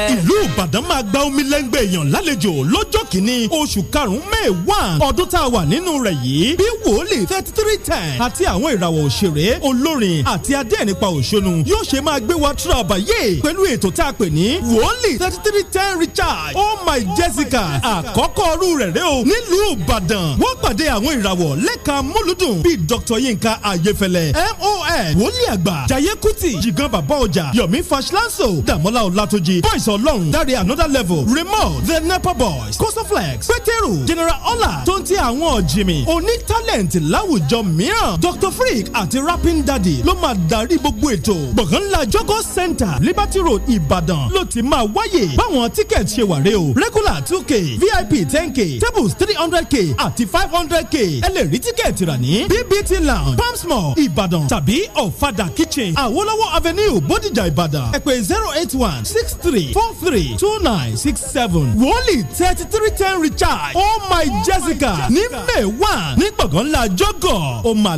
ìlú ìbàdàn máa gba omi lẹ́ngbẹ̀ẹ́ èèyàn lálejò lọ́jọ́ kìíní oṣù karùn-ún may one ọdún tá a wà nínú rẹ̀ yìí bí wòlíì thirty three ten àti àwọn ìràwọ̀ òṣèré olórin àti adẹ́rìnpa òṣónú yóò ṣe máa gbé wa trabayé pẹ̀lú ètò tá a pè ní wòlíì thirty three ten richard oh my jessica àkọ́kọ́ ọrú rẹ̀ rẹ́ o nílùú ìbàdàn wọ́n pàdé àwọn ìràwọ̀ lẹ́ka múlùdùn bíi dr yinka ayefẹlẹ mon wòlíì àgbà jaye kuti jigan bàbá ọjà yomi fashlanso dàmọ́ Bọ́lá Ọlátúnjí Boys Ọlọ́run Dáre Another Level Remote The Nepa Boys Kosoflex Pétérù General Ola, Tonti ń ti àwọn jìmì oní talent láwùjọ mìíràn Dr Freak àti Rapping Daddy ló máa darí gbogbo ètò gbọ̀ngàn ńlá Jogo Center Liberty Road Ìbàdàn ló ti máa wáyè báwọn tíkẹ́ẹ̀tì ṣe wà rè o regular 2 k VIP 10 k tables 300 k àti five hundred k ẹ lè rí rà ní BBT Lounge Palms Mall Ìbàdàn tàbí Ọ̀fadà Kitchen Àwọlọ́wọ́ Avenue Bódìjà Ìbàdàn ẹ pè zero eight eight one six three four three two nine six seven wọ́ọ̀lì thirty three ten recharge oh my oh jessica ní may one ní gbọ̀ngàn ńlá jọ́gọ̀ ó máa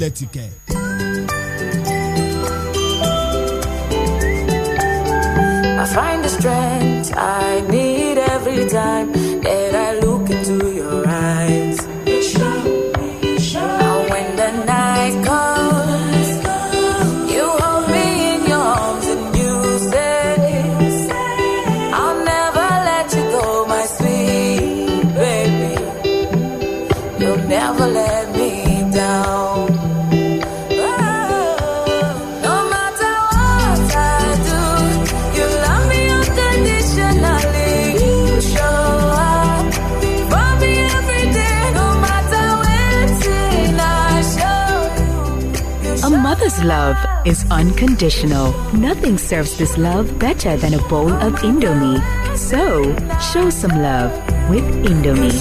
lẹ́tìkẹ́. I find the strength I need every time love is unconditional. Nothing serves this love better than a bowl of Indomie. So, show some love with Indomie.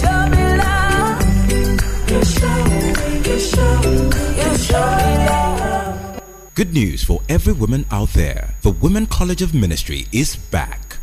Good news for every woman out there. The Women College of Ministry is back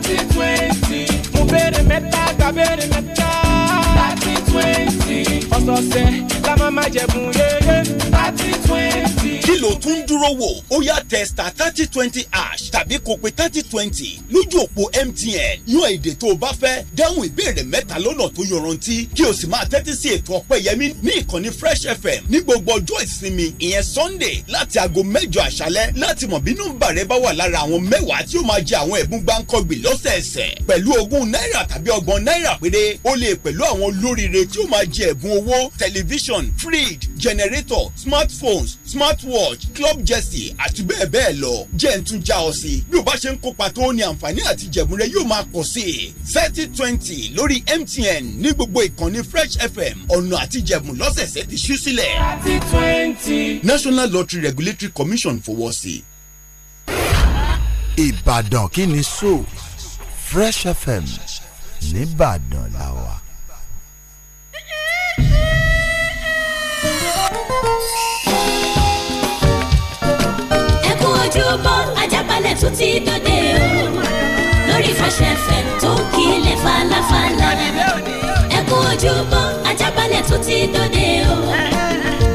thirty twenty. mo béèrè mẹ́ta gba béèrè mẹ́ta. thirty twenty. ọ̀sọ̀ọ̀sẹ̀ la máa ma jẹ̀bùn yéyé. thirty twenty ló tún dúró wò ó yá testa thirty twenty ash tàbí kó pe thirty twenty lójú òpó mtn yan èdè tó o bá fẹ́ dáhùn ìbéèrè mẹ́ta lọ́nà tó yọrantí kí o sì máa tẹ́tí sí ètò ọpẹ́yẹmí ní ìkànnì fresh fm ní gbogbo ọjọ́ ìsinmi ìyẹn sunday láti aago mẹ́jọ àṣálẹ́ láti mọ̀ bínú bàrẹ́ bá wà lára àwọn mẹ́wàá tí ó máa jẹ àwọn ẹ̀bùn gbáǹkọ́gbìn lọ́sẹ̀ẹsẹ̀ pẹ̀lú ogún náírà tàbí ọgbọ̀n náírà péré ó lè pẹ̀lú àwọn olóríire tí ó máa jẹ ẹ̀bùn owó tẹlifíṣàn fridge generator smartphones smartwatch pouch club jersey àti bẹ́ẹ̀ bẹ́ẹ̀ lọ jẹ́ ń tún já ọ sí bí o bá ṣe ń kópa tó ní àǹfààní àti jẹ̀bùn rẹ yóò máa pọ̀ sí i thirty twenty lórí MTN ní gbogbo ìkànnì Fresh FM ọ̀nà àti jẹ̀bùn lọ́sẹ̀ẹ̀sẹ̀ ti ṣú sílẹ̀. thirty twenty. National Lottery Regulatory Commission fowọ́ sí. Ìbàdàn kí ni so Fresh FM nìbàdàn làwà. gbogbo ajábalẹ̀ tún ti dòde o lórí fẹsẹ̀fẹ̀ tó ń kílẹ̀ falafala ẹ kú ojúbọ ajábalẹ̀ tún ti dòde o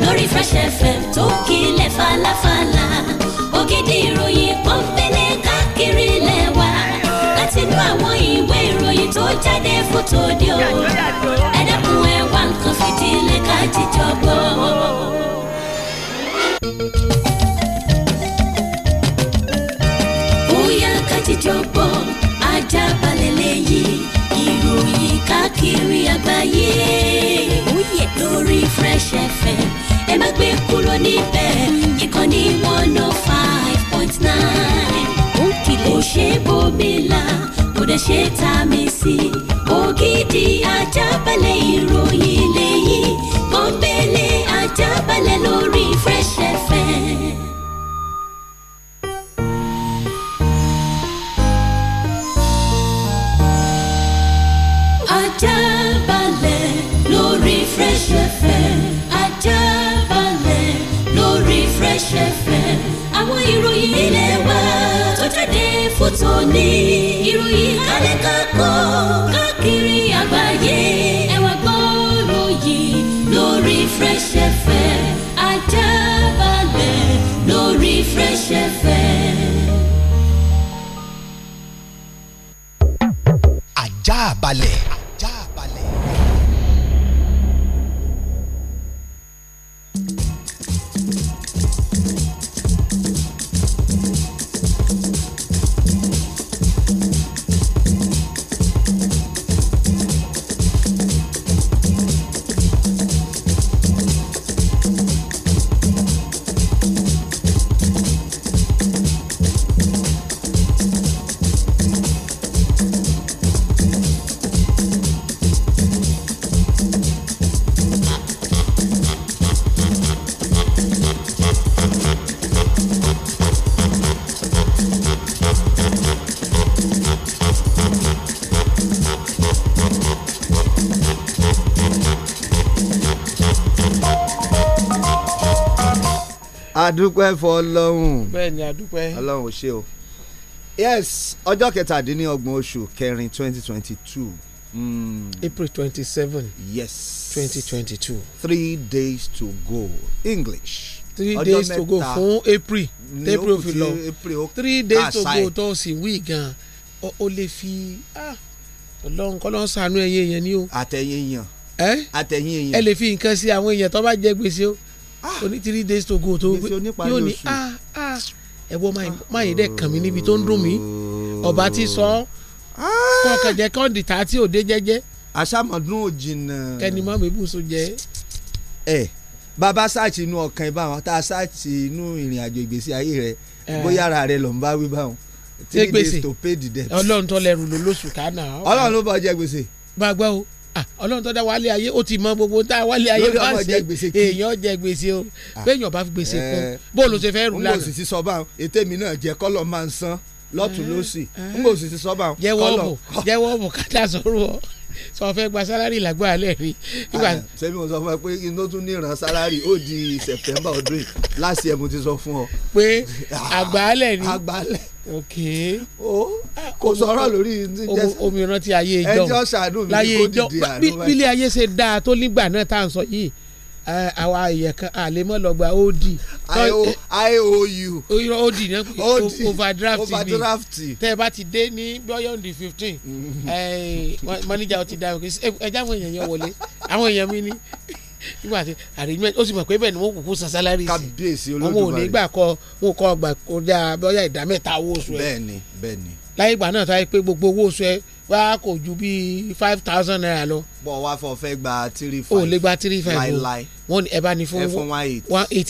lórí fẹsẹ̀fẹ̀ tó ń kílẹ̀ falafala ògidì ìròyìn pọ́npẹ́lẹ́ káàkiri lẹ́wà láti inú àwọn ìwé ìròyìn tó jáde fótó di o ẹ dẹ́kun ẹ wá nǹkan fìdílé ká jíjọ gbọ́. jábọ̀ ajábalẹ̀ lẹ́yìn ìròyìn káàkiri àgbáyé. Oyè lórí Fresh FM ẹ má gbé kúrò níbẹ̀ ìkànnì one oh five point nine. Ó kìlẹ̀ ó ṣe bómi la kò dẹ̀ ṣe tá a mi sí. Ògidì ajábalẹ̀ ìròyìn lẹ́yìn gbọ̀ngbẹ̀lẹ̀ ajábalẹ̀ lórí Fresh Fresh FM àwọn ìròyìn ilé wa tó jáde fún tòní ìròyìn kálẹ̀ kákó káàkiri àgbáyé ẹ wá gbọ́rọ̀ yìí lórí Fresh FM ajá balẹ̀ lórí Fresh FM. ajá balẹ̀. dúpẹ́ fọlọ́hún. bẹ́ẹ̀ni a dúpẹ́. ọlọ́run ò ṣe o. yes ọjọ́ kẹtàdínlọ́gbọ̀n oṣù kẹrin twenty twenty two. Hmm. april twenty seven. yes twenty twenty two. three days to go english. three days to go fún april april fi lọ three days to go tó sì wí gan o lè fi ah, ọlọ́run kọ́lọ́run ṣàánú ẹ̀yin èèyàn ni o. àtẹ̀yìn èèyàn. ẹ àtẹ̀yìn èèyàn. ẹ lè fi nǹkan sí àwọn èèyàn tó bá jẹ gbèsè o. Ah, oní three days to go tó yóò ní ah ah ẹ̀wọ́ máyédè kàn mí níbi tó ń dùn mí ọba ti sọ ah. kọkàn jẹ kọ́ndì tá a ti òde jẹ́jẹ́. aṣámọ̀dún ò jìnnà. kẹ́ni mọ́ mi bùsùn jẹ́. ẹ bàbá sáàtì inú ọkàn ẹ báwọn tá a sáàtì inú ìrìn àjò ìgbésí ayé rẹ eh. bóyá ara rẹ ló ń bá wí báwọn three days to pay the debt. ọlọ́run tó lẹ́rù ló lóṣù kánà. ọlọ́run ló bá jẹ gbèsè. gbàgbọ́ o Ah, ọlọ́run tó dá wálé ayé ó ti mọ gbogbo tá a wálé ayé bá ṣe èèyàn jẹ gbèsè o ah. béèyàn bá gbèsè kún eh. bóòlù ṣe fẹ́ rù lánàá. n kò sì ti sọ báwọn ètè mi náà jẹ kọ́lọ̀ máa ń san lọ́tún eh. lọ́sì eh. n kò sì ti sọ báwọn kọ́lọ̀. jẹ́wọ́ bù kátà sọ̀rọ̀ ọ sọ fẹ́ gba sálárì làgbára lẹ́ẹ̀rí. sẹ́mi ah, mo sọ fún ẹ pé inú tún ní sálárì ó di September ọdún yìí láti ẹ̀ mo ti sọ fún ọ. pé àgbàálẹ̀ ni àgbàálẹ̀ ok o kò sọ̀rọ̀ lórí omi ìrántí ayé ìjọ ẹjọ́ ṣàánú mi kò dìde àná báyìí bílẹ̀ ayé ṣe dáa tó nígbà náà tá à ń sọ yìí àwa àyẹ̀ kan àlèmọ́lọ́gba od iou od náà overdraft mi tẹ́ ẹ bá ti dé ní beyond the fifteen manager mm-hmm. ti dá ẹ jáwọ́ èèyàn yẹn wọlé àwọn èèyàn mi ni nígbà tí arrangement ó sì mọ̀ pé bẹ́ẹ̀ ni wọ́n kúkú san salary sí kábíyèsí olódùmarè wọn ò ní gbà kọ wọn kọ gbà kọjá bóyá ìdá mẹ́ta owó oṣù ẹ̀ bẹ́ẹ̀ni bẹ́ẹ̀ni. láyé ìgbà náà tó yẹ pé gbogbo owó oṣù ẹ wá kò ju bíi five thousand naira lọ. bọ̀ wá fọ fẹ́ gba three five. o lè gba three five láìláì wọn ẹ bá ní fún one eight. one eight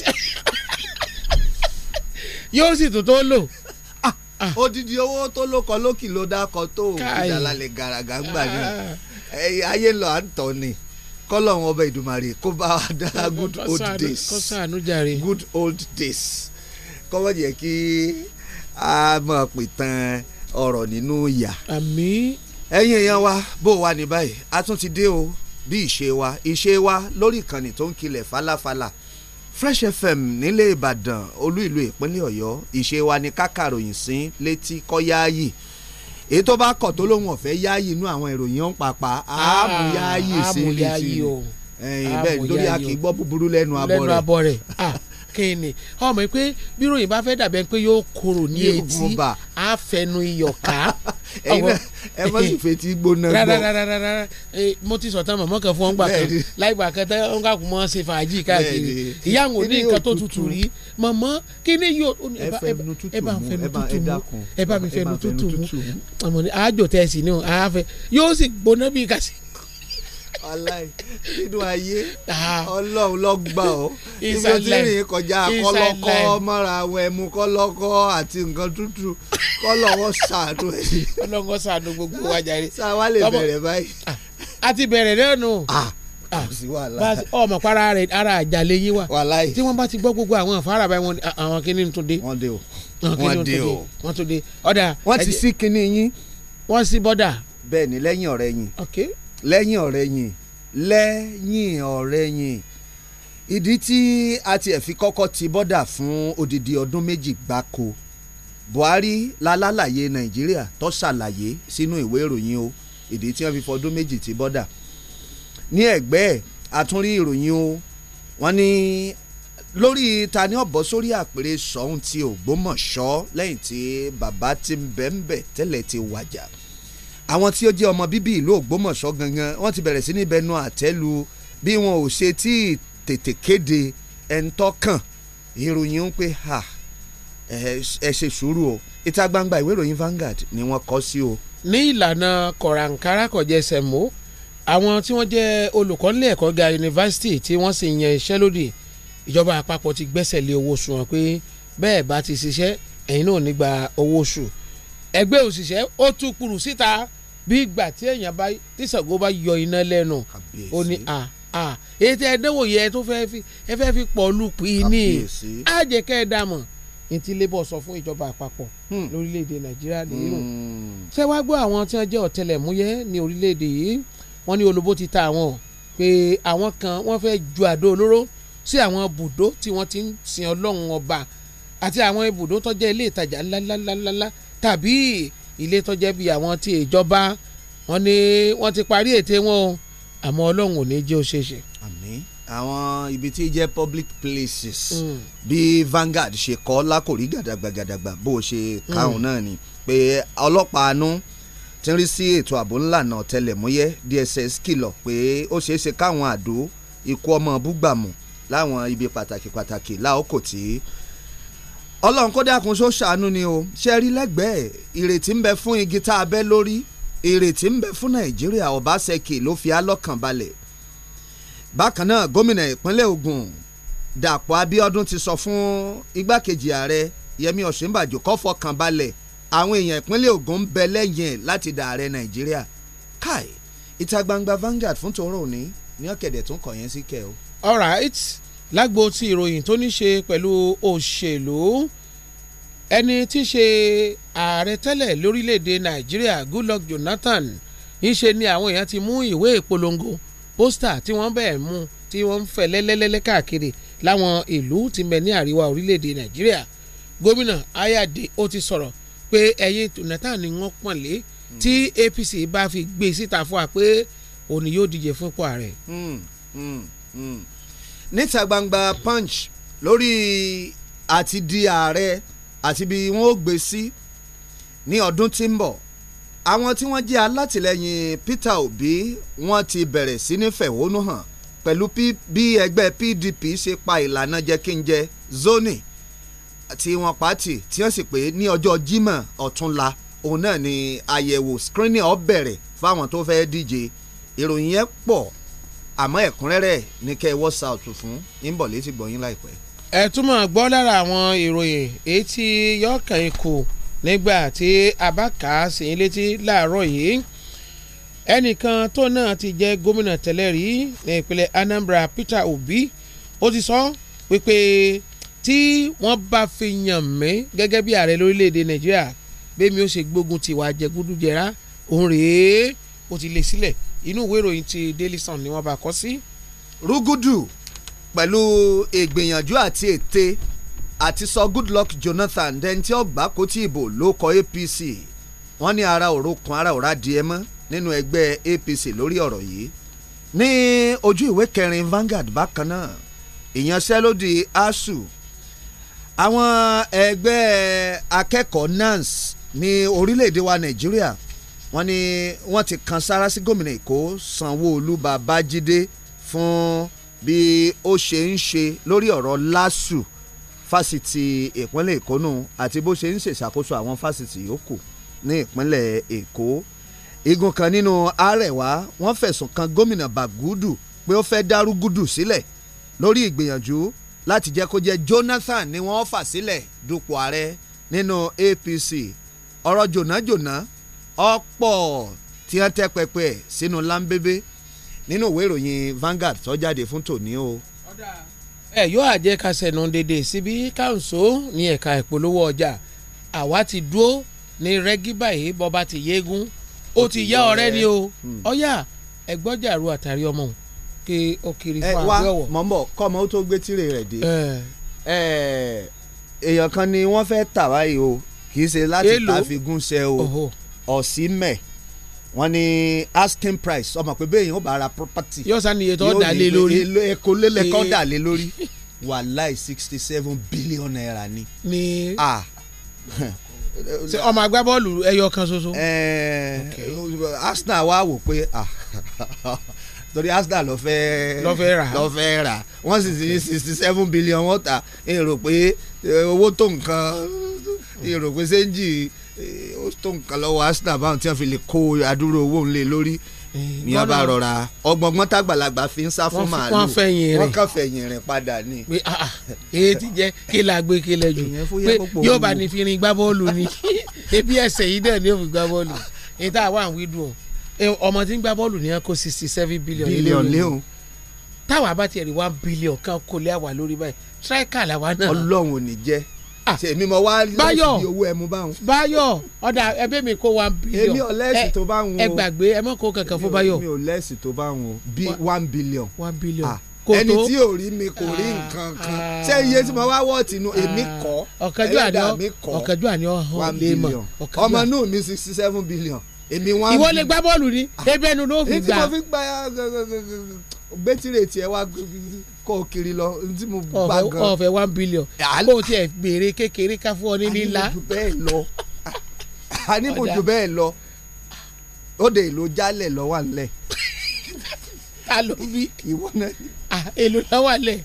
yóò sì tún tó lò ah, odidi owó tó lókọ lókì ló dákọ tó ìdálálẹ̀ gàràgà gbà ní ah. ayé lọ à ń tọ́ ni kọ́lọ́hún ọba ìdùmarè kó bá wa dá good old days good old days kọ́wọ́ jẹ́ kí a máa pè tán ọ̀rọ̀ nínú ìyà. àmín. ẹ̀yin èèyàn wa bó wa ní báyìí a tún ti dé o bí ìṣe wa ìṣe wa lórí ìkànnì tó ń kilẹ̀ falafala Fresh FM nílé Ìbàdàn olú ìlú ìpínlẹ̀ Ọ̀yọ́ ìṣe wa ni kákàròyìn sí létí kọ́yáàyè èyí tó bá kọ̀ tó lóun ọ̀fẹ́ yáàyè inú àwọn ìròyìn ọ̀hún pàpà ah, àmú yáàyè sí i lè ṣe ẹ̀yìn bẹ́ẹ̀ lórí a kì í gbọ́ búburú lẹ́nu abọ́ rẹ̀ ah, kéènì ọmọ pé bí ròyìn bá fẹ́ dàbẹ́ pé yóò korò ní etí àfẹnu iyọ̀ká. ẹyin náà ẹ má sì fetí gbóná gbọ́. rárá mo ti sọ̀tàn mọ̀mọ́ kan fún ọgbà kan láìgbà kan tẹ́ ọ̀n kà kú mọ́ ṣe fàájì káàkiri ìyá àwọn oní nǹkan tó tutù rí mọ̀mọ́ kí ni yóò ẹ bá fẹnu tutù mu ẹ bá mi fẹnu tutù mu àmọ́ ni àájò tẹ̀ sí ni yóò sì gbóná bí kàṣí aláì nínú ayé ah. ọlọ́run lọ gbà ọ́ ibi tí rìn kọjá kọ́lọ́kọ́ mọ́ra àwọn ẹmu kọ́lọ́kọ́ àti nǹkan tútù kọ́lọ́wọ́ sàánú ẹ̀. ọlọ́wọ́ sàánú gbogbo wa jàre. sáwa lè bẹ̀rẹ̀ báyìí. Ah, a ti bẹ̀rẹ̀ náà nù. ọmọ para rẹ ara àjàlẹ yín wa tí wọ́n bá ti gbọ́ gbogbo àwọn àfárá báyìí wọn ah, àwọn kìnìún tún dé. wọ́n dé o wọ́n dé o wọ́n tún dé ọ̀dà. wọ́n ti sí kìnìún yín. wọ́n sí bọ́dà. bẹ́ẹ̀ ni lẹ́yìn ọ̀rẹ́ yín. okay lẹ́yìn ọ̀rẹ̀yìn lẹ́yìn ọ̀rẹ̀yìn ìdí tí a tiẹ̀ fi kọ́kọ́ ti bọ́dà fún odidi ọdún méjì gbáko Buhari lálàyé Nàìjíríà tó ṣàlàyé sínú ìwé ìròyìn o ìdí tí wọ́n fi fọdún méjì ti bọ́dà ní ẹ̀gbẹ́ ẹ̀ àtúnrí ìròyìn o wọ́n ní lórí ta ni ọ̀bọ sórí àpèrè sọ̀hún ti Ògbómọ̀ṣọ́ lẹ́yìn tí bàbá ti ń bẹ̀ ń bẹ̀ tẹ́lẹ̀ ti wàjà àwọn tí ó jẹ́ ọmọ bíbí ìlú Ògbómọ̀ṣọ́ gangan wọ́n ti bẹ̀rẹ̀ sí ní bẹnu àtẹ́lu bí wọn ò ṣe tí ì tètè kéde ẹ̀ńtọ́kàn ìròyìn ń pé ha ẹ ṣe sùúrù o ìta gbangba ìwé ìròyìn Vanguard ni wọ́n kọ sí o. ní ìlànà kọ̀ràǹkárà kọ̀jẹsẹ̀ mọ́ àwọn tí wọ́n jẹ́ olùkọ́ nílé ẹ̀kọ́ ga yunifásitì tí wọ́n sì yan iṣẹ́ lódì ìjọba àpapọ̀ ti gbẹ́sẹ̀ lé owó oṣù wọn pé bẹ́ẹ̀ bá ti ṣiṣẹ́ ẹ̀yin náà nígbà owó oṣù ẹgbẹ́ òṣìṣẹ́ ó tún kúrú síta bí ìgbà tí èèyàn bá tí Ṣàngó bá yọ iná lẹ́nu ó ní a a ètò ẹ̀dẹ́wò yẹ tó fẹ́ fi ẹ fẹ́ fi pọ̀ lùpì ní àjẹkẹ́ ẹ̀dàmọ̀ ntí labour sọ fún ìjọba àpapọ̀ hmm. lórílẹ̀‐èdè nàìjíríà nìyí o hmm. ṣé wàá gbọ́ àwọn tí wọ́n jẹ́ ọ̀tẹlẹ̀múyẹ́ ní orílẹ̀‐èdè yìí wọ́n ní olóbó ti ta àwọn pé àwọn kan wọ́n fẹ́ ju àdó olóró sí àwọn ibùdó tí wọ́n ti ń sin ọlọ́run ọba àti àwọn ibùdó tó jẹ́ ilé ìtajà ńláńláńláńlá tàbí ilé tó jẹ́ bí àwọn ti ìjọba wọn ni wọ́n ti parí ète wọn o àmọ́ ọlọ́run ò ní jẹ́ ó ṣeé ṣe. àmín àwọn ibi tí jẹ́ public places mm. bí Vanguard ṣe kọ́ lákòrí gàdàgbàgàdàgbà bó ṣe káwọn hmm. náà ni pé ọlọ́pàá anú ti ń rí sí ètò ààbò ńlànà ọ̀tẹlẹ̀múyẹ́ DSS kìlọ̀ pé ó ṣeé ṣe káwọn àdó ikú ọmọ búgbàmù láwọn ibi pàtàkì pàtàkì láòkò tí ọlọ́run kó dákun só ṣàánú ni o ṣe rí lẹ́gbẹ̀ẹ́ ìrètí ń bẹ fún igi tá a bẹ́ lórí ìrètí ń bẹ fún nàìjíríà ọbaṣẹ́kì ló fi alọ́kàn balẹ̀ bákan náà gómìnà ìpínlẹ̀ Ògùn Dàpọ̀ Abíọ́dún ti sọ fún igbákejì ààrẹ Yẹmí Ọ̀ṣínbàjò kó fọkàn balẹ̀ àwọn èèyàn ìpínlẹ̀ Ògùn ń bẹ lẹ́yìn láti dà ààrẹ nàìjíríà káì ìta gbangba Vanguard fún tòun rò ní ní ọ̀kẹ́dẹ̀ tún kọ̀ yẹn sí kẹ́ o. all right lágbo ti ìròyìn tó ní ṣe pẹ̀lú òṣèlú ẹni tí í ṣe ààrẹ tẹ́lẹ̀ lórílẹ̀‐èdè nàìjíríà Goodluck Jonathan ìṣe ni àwọn èèyàn ti mú ìwé ìpolongo pósítà tí wọ́n bẹ̀ mú tí wọ́n ń fẹ̀ lẹ́lẹ́lẹ́lẹ́ káàkiri láwọn ìlú ti mẹ́ ní àríwá orílẹ̀‐èdè nàìjíríà gómìnà Ayáde ó ti sọ̀rọ̀ pé ẹ̀yin Jonathan ni wọ́n pọ̀nlé tí APC bá fi gbé e síta fún wa pé òun ni yóò díje fún ààrẹ. Hmm, hmm, hmm níta gbangba punch lórí àti di ààrẹ àti bí wọ́n ó gbé sí ní ọdún tí ń bọ̀ àwọn tí wọ́n jẹ́ alátìlẹyìn Peter Obi wọ́n ti bẹ̀rẹ̀ sí ní fẹ̀hónú hàn pẹ̀lú bí ẹgbẹ́ PDP ṣe pa ìlànà jẹ́kíńjẹ zoni tí wọ́n pàtì tí wọ́n sì pé ní ọjọ́ Jímọ̀ ọ̀túnla òun náà ni àyẹ̀wò screening ó bẹ̀rẹ̀ fáwọn tó fẹ́ díje ìròyìn yẹn pọ̀ àmọ́ ẹ̀kúnrẹ́rẹ́ ní kẹ́ ẹ WhatsApp fún ń bọ̀ létí gbọ̀yìn láìpẹ́. ẹ túmọ̀ gbọ́ lára àwọn ìròyìn èyí tí yọ̀ọ̀kan ikú nígbà tí a bá kà á sí létí láàárọ̀ yìí ẹnìkan tó náà ti jẹ́ gómìnà tẹ́lẹ̀ rí ní ìpínlẹ̀ Anambra Peter Obi ó ti sọ wípé tí wọ́n bá fi yàn mí gẹ́gẹ́ bí ààrẹ lórílẹ̀‐èdè Nàìjíríà bẹ́ẹ̀ mi ó ṣe gbógun tiwa jẹgúdújẹrá òun rèé ó ti lé sílẹ̀ inú ìwé ìròyìn ti Daily Sun ni wọ́n bá kọ́ sí. rúgúdù pẹ̀lú ìgbìyànjú àti ète àti sọ luck, Jonathan dẹ́ni tí ọgbà kò tí ìbò ló kọ APC wọ́n ní ara òrokùn ara òrá díẹ̀ mọ́ nínú ẹgbẹ́ APC lórí ọ̀rọ̀ yìí ní ojú ìwé kẹrin Vanguard bákan náà ìyanṣẹ́lódì ASUU àwọn ẹgbẹ́ akẹ́kọ̀ọ́ NANS ní orílẹ̀-èdè wa Nàìjíríà wọ́n ní wọ́n ti kan sára sí gómìnà èkó sanwó-olu babájídé fún bí ó ṣe ń ṣe lórí ọ̀rọ̀ lásù fásitì ìpínlẹ̀ èkó nù àti bó ṣe ń ṣèṣàkóso àwọn fásitì yòókù ní ìpínlẹ̀ èkó igun kan nínú arẹwà wọ́n fẹ̀sùn kan gómìnà bagudu pé ó fẹ́ dárúgúdù sílẹ̀ lórí ìgbìyànjú láti jẹ́ kó jẹ́ jonathan ni wọ́n fà sílẹ̀ dupò ààrẹ nínú apc ọ̀rọ̀ jònájòná ọ̀pọ̀ tí wọ́n tẹ́ pẹpẹ sínú lámbébé nínú ìwé ìròyìn Vanguard tó jáde fún tòní o. ẹ yóò àjẹ́ ká sẹ̀nu dédé síbi káùnṣó ní ẹ̀ka ìpolówó ọjà àwa ti dúró ní rẹ́gí báyìí bọ́ba ti yéégún ó ti yá ọ̀rẹ́ ni o ọ̀yà hmm. ẹ̀gbọ́jàrú àtàrí ọmọ òun kí ó kiri fún àwọn ọ̀wọ̀. ẹ wá mọ̀mọ́ kọ́ ọmọ tó gbé tìrẹ rẹ̀ dé èèyàn kan ni wọ́n fẹ́ tà báyìí o kì í ṣe láti ta fi gún ṣe o ọ̀sìnmẹ̀ wọ́n ní asking price ọmọ pé bẹ́ẹ̀ yẹn ó bá ra property yóò sá ni iye tó dà lé lórí yóò ní ẹ̀kọ́ lélẹ́kọ́ dà lé lórí wàláì sixty seven billion naira ni. ni ah ṣe ọmọ agbábọ́ọ̀lù ẹyọ kan ṣoṣo. Arsenal wá wò pé torí Arsenal lọ fẹ́ lọ fẹ́ rà lọ fẹ́ rà wọ́n sì ti sixty seven billion wọ́n ta èrò pé owó tó nǹkan èrò pé sẹ́ńjì ó tó nǹkan lọ́wọ́ Arsenal báwọn tí wọ́n fi lè kó adúrò owó ńlẹ̀ lórí eh, ní a bá rọra ọgbọ̀ngbọ́n tàgbàlagbà fi ń sá fún màálù wọ́n fẹ̀yìn rìn wọ́n kàn fẹ̀yìn rìn padà ni. pé ah, ah, èyí ti jẹ́ kí la gbé kí lẹ jù pé yóò bá ní fi rin gbá bọ́ọ̀lù ni ebi ẹsẹ̀ yìí dẹ̀ ni yóò gbá bọ́ọ̀lù èyí tá wà ń wí dùn ọmọ tí ń gbá bọ́ọ̀lù ni wọn kó sixty seven billion billion léwu táwa bá tiẹ̀ rí one billion kan kò lé àwa lórí báyìí tíráìkà làwa náà ọlọ́run ò ní jẹ́ sèmi mo wá láti di owó ẹmu báwọn. báyọ̀ ọ̀dà ẹbí mi kó one billion. èmi ò lẹ́sì tó báwọn o. ẹ gbàgbé ẹ mọ̀ kó kankan fún báyọ̀. èmi ò lẹ́sì tó báwọn o bí one billion. one billion. Ah ẹni tí ò rí mi kò rí nǹkan kan ṣé iye tí mo wá wọ̀ tìǹú èmi kọ́ ẹlẹ́dàá mi kọ́ ọ̀kẹ́jọ́ àní ọ̀hún lè mọ̀ ọmọ inú mi sixty seven billion èmi wá. ìwọ lè gbá bọ́ọ̀lù ni ebẹ́nu ló fi gbà. èyí tí mo fi gbà gbẹ́tìrètì ẹ wá kọ́ kiri lọ tí mo gbà gan. ọ̀fẹ́ one billion kó o tiẹ̀ béèrè kékeré ká fún ọ ní lílá. a ní mo jù bẹ́ẹ̀ lọ a ní mo jù bẹ́ẹ̀ lọ ó de èlò jálẹ̀ lọ́wọ́ àlẹ́. ta ló bí ìwọ náà ni. èlò lọ́wọ́ àlẹ́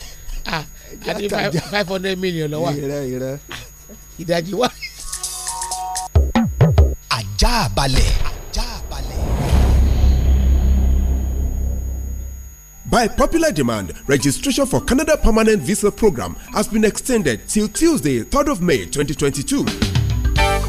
àti five hundred million lọ́wọ́ ìdájí wa. ajá balẹ̀. By popular demand, registration for Canada Permanent Visa Program has been extended till Tuesday, 3rd of May 2022.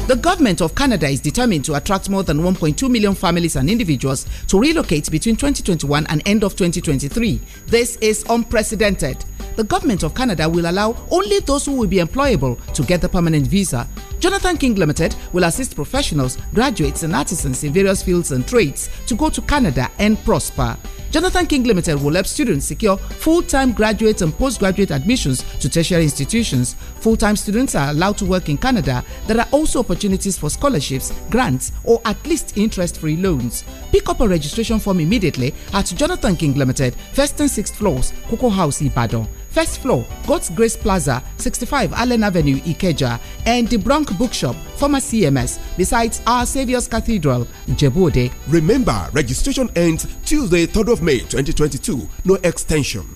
The government of Canada is determined to attract more than 1.2 million families and individuals to relocate between 2021 and end of 2023. This is unprecedented. The government of Canada will allow only those who will be employable to get the permanent visa. Jonathan King Limited will assist professionals, graduates, and artisans in various fields and trades to go to Canada and prosper. Jonathan King Limited will help students secure full-time graduate and postgraduate admissions to tertiary institutions. Full-time students are allowed to work in Canada. There are also opportunities for scholarships, grants, or at least interest-free loans. Pick up a registration form immediately at Jonathan King Limited, first and sixth floors, Coco House, Ibadan. First floor, God's Grace Plaza, 65 Allen Avenue, Ikeja, and the Bronx Bookshop, former CMS, besides Our Saviour's Cathedral, Jebode. Remember, registration ends Tuesday, 3rd of May 2022. No extension.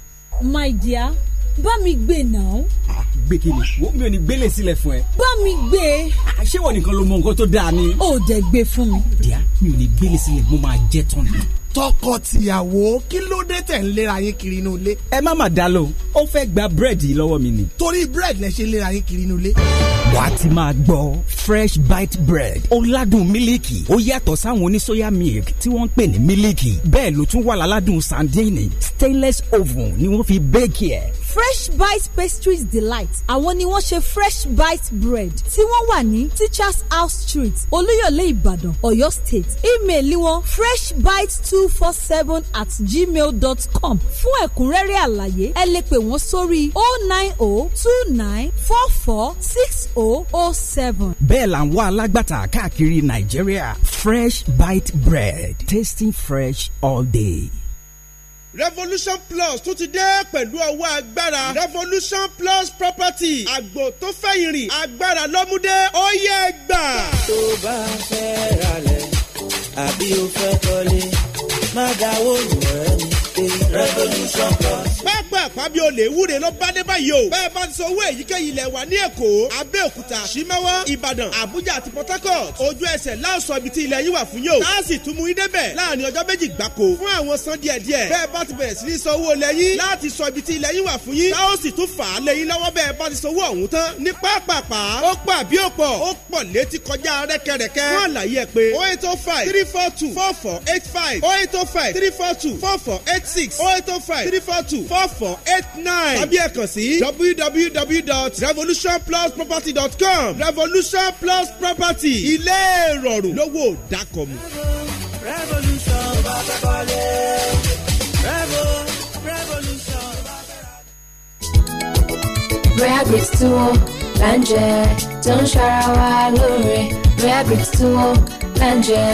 My dear, bá mi gbé náà. Ah, gbé kini wo mi ò ní gbélé sílẹ̀ fún ẹ. bá mi gbé. Ah, ṣé wọn nìkan ló mọ nǹkan tó dáa ni. ó dẹ gbé fún mi. díà mi ò ní gbélé sílẹ̀ mo máa jẹ tán ni tọkọ-tìyàwó kí ló dé tẹ̀ ń léra yín kiri inú ilé. ẹ má mà dá lóhùn ó fẹ́ gba búrẹ́dì lọ́wọ́ mi ni. torí búrẹ́dì lẹ ṣe léra yín kiri inú ilé. wà á ti máa gbọ́ fresh bite bread ó ládùn mílíkì ó yàtọ̀ sáwọn oníṣòyà milk tí wọ́n ń pè ní mílíkì bẹ́ẹ̀ ló tún wà láládùn sandini stainless oven ni wọ́n fi bẹ́ẹ̀kì ẹ̀ fresh bite pastries delight àwọn ni wọ́n ṣe fresh bite bread tí wọ́n wà ní teachers house street olúyọ̀lé ìbàdàn ọ̀yọ́ state ímeèlì wọn freshbite two four seven at gmail dot com fún ẹ̀kúnrẹ́rẹ́ àlàyé ẹ lè pè wọ́n sórí o oh nine o oh two nine four four six o oh o seven. bẹ́ẹ̀ là ń wá alágbàtà káàkiri nàìjíríà fresh bite bread tasting fresh all day revolution plus tún ti dé pẹ̀lú ọwọ́ agbára revolution plus property àgbò tó fẹ́ ìrìn agbára lọ́múdé ó yẹ gbà. tó bá fẹ́ ralẹ̀ àbí o fẹ́ kọ́lé má dáwọ́ lù ẹ́ pé revolution plus. pápá àpábí olè wúre ló bá dé báyìí o. bẹ́ẹ̀ bá ti sọ owó èyíkéyìí ilẹ̀ wa ní èkó abẹ́òkúta simẹ́wọ́ ìbàdàn àbújá àti port harcourt ojú ẹsẹ̀ láòsọ ibi tí ilẹ̀ yín wà fún yóò. láàsì tún mú idé bẹ̀ láàrin ọjọ́ méjì gbáko fún àwọn san díẹ̀ díẹ̀. bẹ́ẹ̀ bá ti bẹ̀rẹ̀ sí ní sọ owó lẹ́yìn láti sọ ibi tí ilẹ̀ yín wà fún yín. táwọn tún fà á lẹ́yìn lọ́wọ́ bẹ́ẹ̀ bá ti sọ owó ọ̀hún tán ní pápápá ó pọ̀ àbí ó pọ̀ ó pọ̀ létí kọjá rẹ́kẹrẹ́kẹ́. fún àlàyé ẹ pé oh eight oh five three four two four four eight five oh eight oh five three four two four four eight six oh eight oh five three four two four four eight nine tàbí ẹ kàn sí www.revolutionplusproperty.com revolution plus property ilé ìrọ̀rùn lówó dákọ̀mù. revolution bá fẹ́ kọ́lé revolution. Rare Bricks tí wọ́n là ń jẹ tó ń ṣara wa lóore. Rare Bricks tí wọ́n là ń jẹ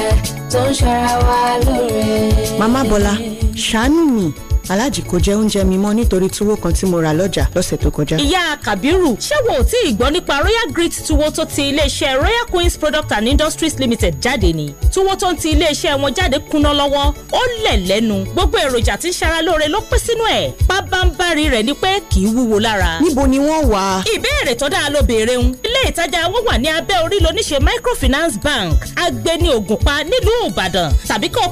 tó ń ṣara wa lóore. Màmá Bọ́lá Shani aláàjì kò jẹ oúnjẹ mi mọ́ nítorí tuwo kan tí mo rà lọ́jà lọ́sẹ̀ tó kọjá. ìyá kàbírù ṣé wo ò tí ì gbọ́ nípa royal grit tuwo tó ti iléeṣẹ́ royal queens product and industries limited jáde ni tuwo tó ń ti iléeṣẹ́ wọn jáde kuná lọ́wọ́ ó lẹ̀ lẹ́nu gbogbo èròjà tí ń ṣara lóore ló pé sínú ẹ̀ pábánbárì rẹ̀ ni pé kì í wúwo lára. níbo ni wọ́n wà. ìbéèrè tó dáa ló béèrè ń ilé ìtajà wọn wà ní abẹ́ orí lóníṣe microfinance bank agbẹni ògùnpá nílùú ìbàdàn tàbí kó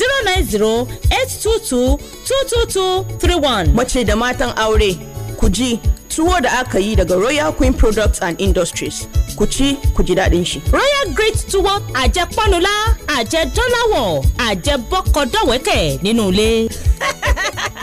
zero nine zero eight two two two two two three one. Mace da matan aure ku ji tuwo da aka yi daga Royal Queen Products and Industries. Ku ci ku ji daɗin shi. Royal Great Tuwo àjẹ pọ́nulá àjẹ dọ́làwọ̀ àjẹ bọ́kọ̀ nínú ilé.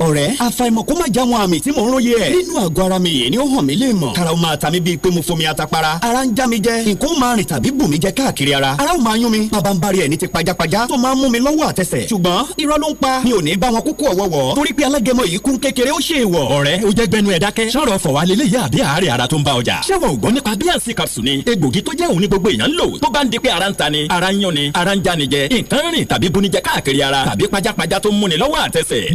ọ̀rẹ́ àfàìmọ̀ kó má já wọn àmì tí mò ń róye ẹ̀. nínú àgọ́ ara mi yìí ni ó hàn mí lè mọ̀. karaw máa ta mi bíi pé mo fomi atapara. ara ń já mi jẹ nǹkan máa rìn tàbí bù mí jẹ káàkiri ara. ara ò máa yún mi bàbá ń bari ẹ̀ ní ti pajápajá tó máa ń mú mi lọ́wọ́ àtẹsẹ̀. ṣùgbọ́n irọ́ ló ń pa mi ò ní bá wọn kúkú ọ̀wọ́wọ́ torí pé alágẹmọ yìí kún kékeré ó ṣe o jẹ́ gbẹnu ẹ̀ dákẹ́. sọ̀rọ̀ fọ̀ wá lélẹ̀ yá àbí àárẹ̀ ara tó ń bá ọjà. ṣé wọn ò gbọ́ nípa bíànsì capsule ni egbògi tó jẹ́ òun ní gbogbo èèyàn ń lò tó bá ń di pé ara ń ta ni ara ń yún ni ara ń já ni jẹ nǹkan rìn tàbí bunijẹ káàkiri ara tàbí pajápajá tó ń múni lọ́wọ́ àtẹsẹ̀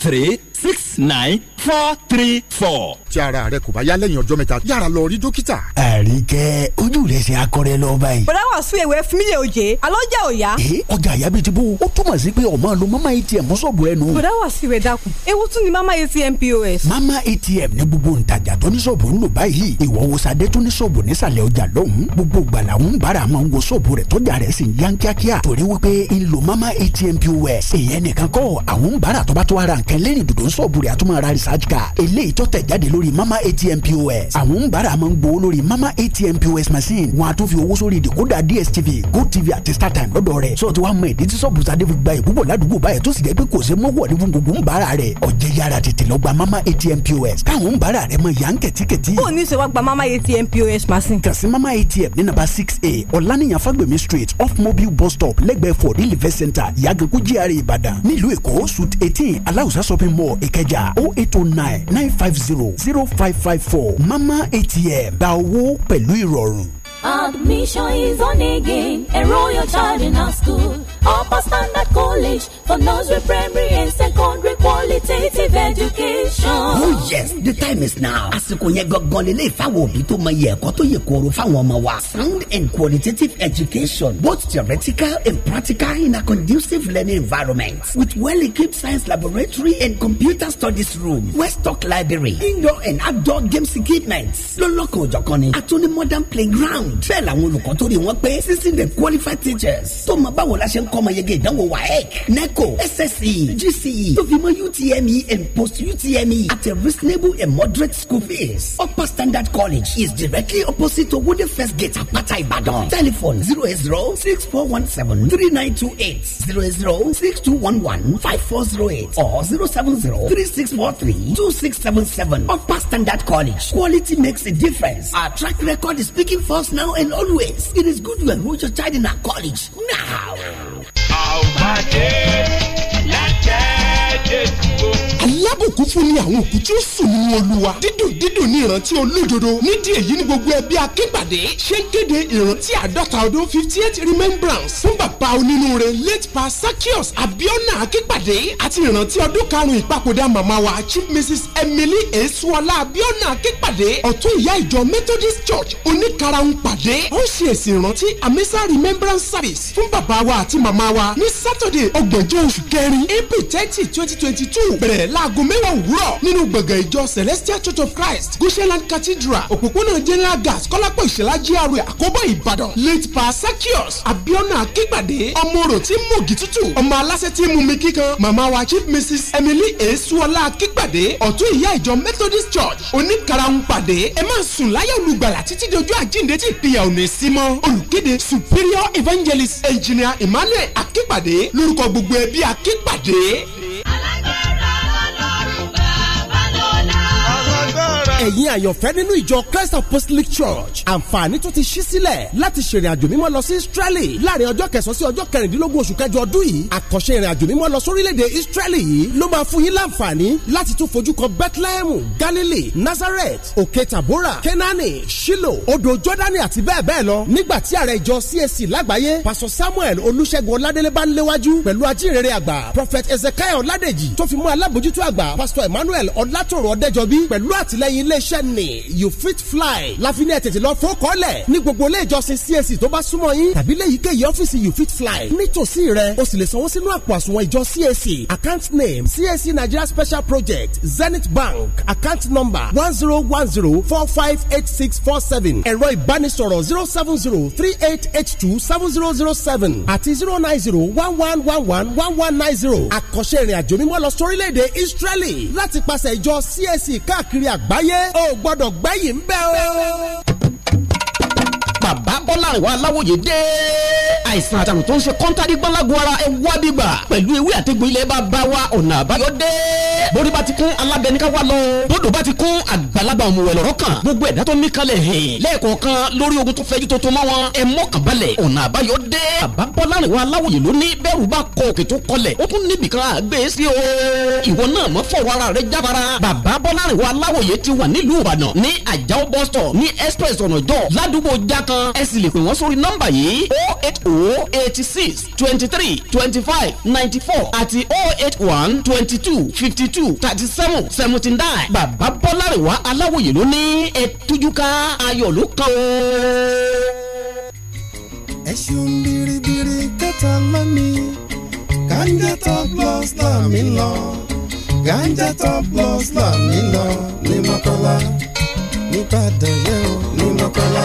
three six nine four three four. tí ara rẹ kò bá yá lẹ́yìn ọjọ́ mẹ́ta yára lọ rí dókítà. àríkẹ́ ojú rẹ̀ ṣe akọrẹ lọ báyìí. bọ̀dá wà sún ewé fún mi lè oje alọ́jà ò yá. ee ọjà àyà bíi ti bó o túmọ̀ sí pé ọmọ lo mama atm mọ́sọ̀bù ẹnu. bọ̀dá wà sí ìwé dákun ewu tún ni mama atm pos. mama atm ní gbogbo ntajà tó ní sọ̀bù ń lò báyìí ìwọ wo sadé tó ní sọ̀bù nísàlẹ̀ ọjà lọ́hùn gbogbo gbala ń bára máa ń wo sọ̀bù rẹ̀ mama atm pos èèyàn nìkan kọ́ àwọn ń bára tó kẹlẹ́rìn dòdò ń sọ̀bù rẹ̀ àtúmọ̀ ara research card eléyìí tó tẹ̀ jáde lórí mama atm pos àwọn ń bára máa ń gbowó lórí mama atm pos machine wọn a tún fi owó sórí decoder dstv gotv àti startime lọ́dọ̀ rẹ̀ sọ ti wá mọ ìdí tí sọ̀bù sadé fi gba ìbúbọ̀ ládùúgbò báyẹn tó sì jẹ́ pé kò ṣe mọ́wọ́ ní gbogbo ń bára rẹ̀ ọ̀jẹ̀ yára tètè lọ gba mama atm pos káwọn ń bára rẹ̀ mọ yàn kẹ̀tíkẹ̀tí. ó ní sèwá gba mama atm pos machine. kàn mama atm ní nàbà six a ọ̀lànìyàn fagbemi street off mobile bus stop lẹ́gbẹ̀ẹ́ for the center yàgànkú gr ìbàdàn suit eighteen aláwùsá Alexandra shopping mall Ìkẹjà 0809 950 0554 Mama ATM gba owó pẹ̀lú ìrọ̀rùn. Admission is on again. Enroll your child in our school. Upper Standard College for nursery, primary, and secondary qualitative education. Oh yes, the time is now. Àsìkò yẹn gangan lè lè fáwọn òbí tó mọ iye tó yẹ kóró fáwọn ọmọ wa. Sound and qualitative education, both theoretical and practical in a conducive learning environment with well-equipped science laboratory and computer studies room, Westock library, indoor and outdoor games equipment. Lọ́lọ́kan òjọ̀kan ni, àtúní modern playground márùn-ún bẹ́ẹ̀ làwọn olùkọ́ tó rí wọn pé sixteen de qualified teachers tó mọ báwo la ṣe ń kọ́ ọmọ yege ìdánwò waec neco sse gce tó fi mọ utme and post utme at a reasonable and moderate school fees upper standard college is directly opposite to wooden first gate apata ibadan telephone zero eight zero six four one seven three nine two eight zero eight zero six two one one five four zero eight or zero seven zero three six four three two six seven seven upper standard college quality makes a difference our track record is speaking for us now. now and always. It is good you enroll your child in a college now. alábùkún fún ni àwọn òkú tí ó sùn nínú olúwa dídùn dídùn ní ìrántí olódodo nídìí èyí ni gbogbo ẹbí akínpàdé ṣe ń kéde ìrántí àádọ́ta ọdún fifty eight remembrance fún bàbá onínúure late pa sakios abiona akínpàdé àti ìrántí ọdún karùn-ún ìpapòdà màmá wa chief mrs emily esuola abiona akínpàdé ọ̀tún ìyá ìjọ methodist church oníkarahun pàdé ó ṣe èsì ìrántí amisa remembrance service fún bàbá wa àti màmá wa ní saturday ọgbọ̀njọ́ oṣù kẹrin april thirty twenty twenty two bẹ̀rẹ̀ bẹ̀rẹ̀ láago mẹ́wàá òwúrọ̀ nínú gbọ̀ngàn ìjọ celestial church of christ goshenland cathedral òpópónà general gas kọ́lápọ̀ ìṣẹ̀lá GRA àkóbọ̀ ìbàdàn late pa sakios abiona akíngbàdé ọmọ rò tí mú ògì tútù ọmọ aláṣẹ tí mú mi kíkan màmá wa chief mrs emily esuola akíngbàdé ọ̀tún ìyá ìjọ methodist church oníkarahun pàdé ẹ máa sùn láyà olùgbàlà títí dojú àjíǹde tí ìpìyà ò ní sí mọ́ olùkéde superior evangelist engineer emmanuel akíngbàdé lórúkọ gbogbo ẹbí akíngbàdé. alága ẹ̀yin àyànfẹ́ nínú ìjọ Christ Apostolic Church àǹfààní tó ti ṣí sílẹ̀ láti ṣèrìn àjò mímọ́ lọ sí Israeli láàrin ọjọ́ kẹsàn-án sí ọjọ́ kẹrìndínlógún oṣù kẹjọ ọdún yìí àkànṣe ìrìn àjò mímọ́ lọ sórílẹ̀-èdè Israeli yìí ló máa fún yín láǹfààní láti tún fojú kan Bethlehem Galilee Nazareth Òkè Tabora Kenani Shilo odò Jordani àti bẹ́ẹ̀ bẹ́ẹ̀ lọ nígbà tí ààrẹ ìjọ CAC lágbàáyé pásọ Samuel Olúṣẹ́gun Ọládélé bá ń léwájú pẹ̀lú ajínrere àgbà prophet Ezekiel Ọládèjì tó fi mú alábòjútó àgbà pásọ Emmanuel Ọlátòrò Ọdẹ́jọbí pẹ̀lú àtìlẹ́yìn iléeṣẹ́ ni you fit fly láfiní ẹ̀ tètè lọ fọ́kọ́lẹ̀ ní gbogbo ilé ìjọsìn CAC tó bá súnmọ́ yín tàbí léyìíkéyìí ọ́fíìsì you fit fly nítòsí rẹ o sì lè sanwó sínú àpò àsùnwọ̀n ìjọ CAC account name CAC Nigeria special project Zenith Bank account number one zero one zero four five eight six four seven ẹ̀rọ ìbánisọ̀rọ̀ zero seven zero three eight eight two seven zero zero seven àti zero nine zero one one one one one one nine zero àkọsẹ́ ìrìnàjò mímọ́ lọ sórílẹ̀‐èdè Israeli láti pàṣẹ ìjọ CAC káàkiri àgbáyé o gbọ́dọ̀ gbẹ́yìn ń bẹ́ o bàbá bọ́lárìnwá aláwòye dé. àìsàn àtàrùn tó ń ṣe kọ́ńtàdì gbọ́lágun ara ẹ wá bíbà pẹ̀lú ewé àtẹ̀gbọ́ ilẹ̀ bá bá wa ọ̀nà àbáyọ dé. bórí bá ti kún alábẹ́níká wá lọ bódò bá ti kún àgbàlagbà ọ̀mùwẹ̀ lọ́rọ́ kan gbogbo ẹ̀dá tó mí kalẹ̀ hìn lẹ́ẹ̀kọ̀ọ̀kan lórí ogun tó fẹ́jú tuntun mọ́ wọn ẹ mọ́kàn balẹ̀ ọ̀nà àbáyọ dé. bàbá bọ́lárìnwá aláwòye ló ní bẹ́rù express ọ̀nà ìjọ ládùúgbò jákan wọn ẹ sì lè pè wọ́n sórí nọ́mbà yìí o oh eight o oh eighty six twenty three twenty five ninety four àti o oh eight one twenty two fifty two thirty seven seventy nine bàbá bọ́lárẹ̀wá aláwòye ló ní ẹ tújúká ayọ̀ ló kàn ó. ẹ̀sùn biribiri kẹta lọ́mí ganja top loss là mí lọ ganja top loss là mí lọ ni mọ́kànlá nígbàdàn yẹn ní mọ́kànlá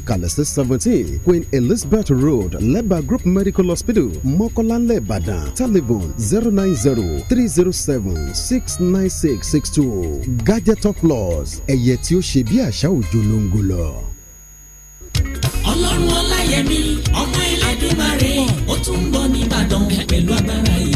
ìkàlẹ̀ sí seventeen Queen Elizabeth Road Leba Group Medical Hospital Mọ́kọ́lánlẹ̀ Ìbàdàn telephone zero nine zero three zero seven six nine six six two Gadget of Plus ẹ̀yẹ tí ó ṣe bí àṣà òjò ló ń gò ọlọ́run ọláyẹmí ọmọ ẹlẹ́dùnmarè ó tún ń bọ̀ ní pẹ̀lú agbára yìí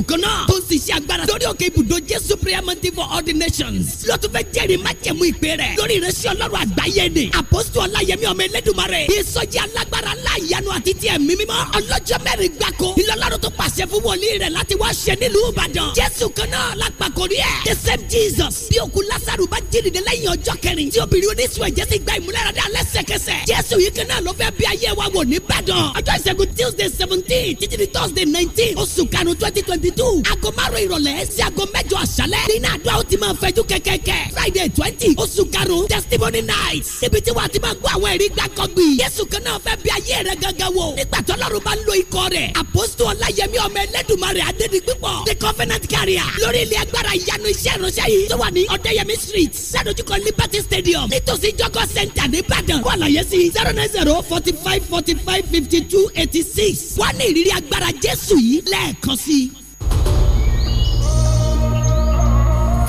jésù kan náà tó ń ṣiṣẹ́ agbára lórí òkè ibùdó jésù prayer mountain for all the nations ló tún fẹ́ jẹ́rìí májẹ̀mú ìpè rẹ̀ lórí ìrẹsì ọlọ́run àgbáyé ni àpọ́sù ọláyẹmí ọmọ ẹlẹ́dùnmarè ìsọjí alágbára láàyànú àti tiẹ̀ mímímọ́ ọlọ́jọ́ mẹ́rin gbáko ìlọlọ́run tó pàṣẹ fún wòlíì rẹ̀ láti wá ṣe nílùú ìbàdàn jésù kan náà lápàkórí ẹ̀ the same jesus bí òkú lásàrù bá jíǹde lẹ́yìn ọjọ́ kẹrin tí obìnrin oníṣùn ẹ̀jẹ̀ sì gba ìmúlẹ̀rọ̀dá lẹ́sẹ̀kẹsẹ̀ jésù yìí kan náà ló fẹ́ bí ayé wa wò níbàdàn ọjọ́ ìṣẹ́gun tuesday seventeen títí di thursday nineteen oṣù karùn-ún twenty twenty twenty two aago márùn ìrọ̀lẹ́ sí aago mẹ́jọ àṣálẹ́ nínú àdúrà ó ti máa fẹjú kẹ̀kẹ́kẹ́ friday twenty oṣù karùn-ún testimony night ibi tí wàá ti máa gbọ́ àwọn ẹ̀rí gbàkọ́gbì yéṣù kan náà fẹ́ bí ayé rẹ̀ gangan wò nígbà tó lọ́rùn bá ń lo ikọ̀ rẹ̀ àpòsù ọláyẹmí ọmọ ẹlẹ́dùnmarè adédìgbìpọ̀ the covenant carrier lórí ilé agbára ìyanu iṣẹ́ ìránṣẹ́ yìí tó wà ní ọ̀dẹ́yẹmí street sádójúkọ liberty stadium nítòsí jọgọ center nìbàdàn kọ́ àlàyé sí zero nine zero forty five forty five fifty two eighty six wọ́n ní ìrírí agbára jésù yìí lẹ́ẹ̀kan sí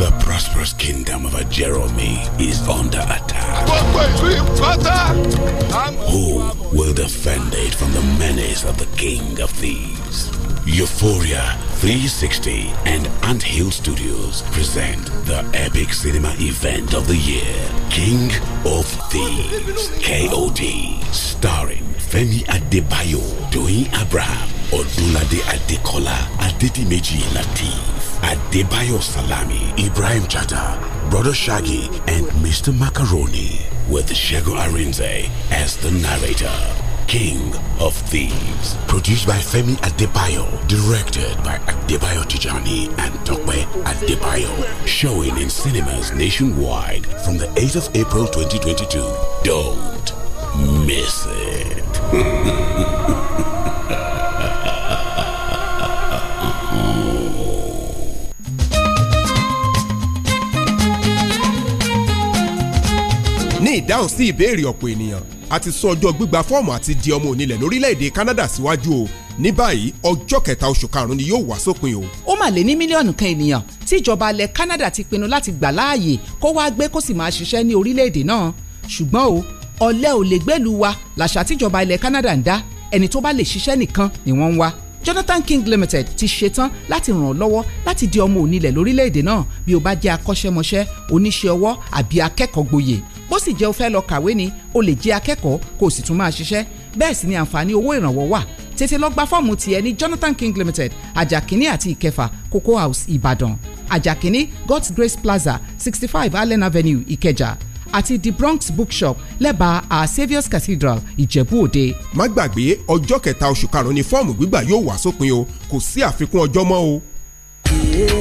The prosperous kingdom of Jeremy is under attack. Who will defend it from the menace of the king of thieves? Euphoria 360 and Ant Hill Studios present the epic cinema event of the year, King of Thieves, KOD, starring Femi Adebayo, Doi Abraham, Odulade Adekola, Meji Latif. Adebayo Salami, Ibrahim Chata, Brother Shaggy, and Mr. Macaroni, with Shego Arinze as the narrator. King of Thieves, produced by Femi Adebayo, directed by Adebayo Tijani and Tokwe Adebayo, showing in cinemas nationwide from the 8th of April 2022. Don't miss it. ní ìdáhùn sí ìbéèrè ọ̀pọ̀ ènìyàn a ti sún ọjọ́ gbígba fọ́ọ̀mù àti di ọmọ onílẹ̀ lórílẹ̀‐èdè Canada síwájú o ní báyìí ọjọ́ kẹta oṣù karùn-ún ni yóò wá sópin o. ó mà lé ní mílíọ̀nù kan ènìyàn tí ìjọba ilẹ̀ Canada ti pinnu láti gbà láàyè kó wá gbé kó sì máa ṣiṣẹ́ ní orílẹ̀‐èdè náà ṣùgbọ́n o ọ̀lẹ́ ò lè gbẹ́lu wa làṣà tíjọba ilẹ̀ Canada ń dá ẹni tó bá lè ṣiṣẹ́ nìkan ni wọ́n ń wá Jonathan King Limited ti ṣetán láti ràn ọ́ lọ́wọ́ láti di ọmọ onílẹ̀ lórílẹ̀‐èdè náà bí o bá jẹ́ akọ́ṣẹ́mọṣẹ́ bó sì jẹ́ o fẹ́ lọ kàwé ni o lè jẹ́ akẹ́kọ̀ọ́ kó o sì tún máa ṣiṣẹ́ bẹ́ẹ̀ sì ni àǹfààní owó ìrànwọ́ wà tètè lọ gba fọ́ọ̀mù tiẹ̀ ní Jonathan King Limited ajakini àti ìkẹfà Cocoa House Ìbàdàn ajakini God's Grace Plaza sixty five Allen Avenue Ìkẹjà àti the Bronx Bookshop lẹ́bàá Our Saviour's Cathedral Ìjẹ̀bú Òde. má gbàgbé ọjọ́ kẹta oṣù karùn-ún ni fọ́ọ̀mù gbígbà yóò wà sópin o kò sí àfikún ọjọ́ mọ́ o. Yeah,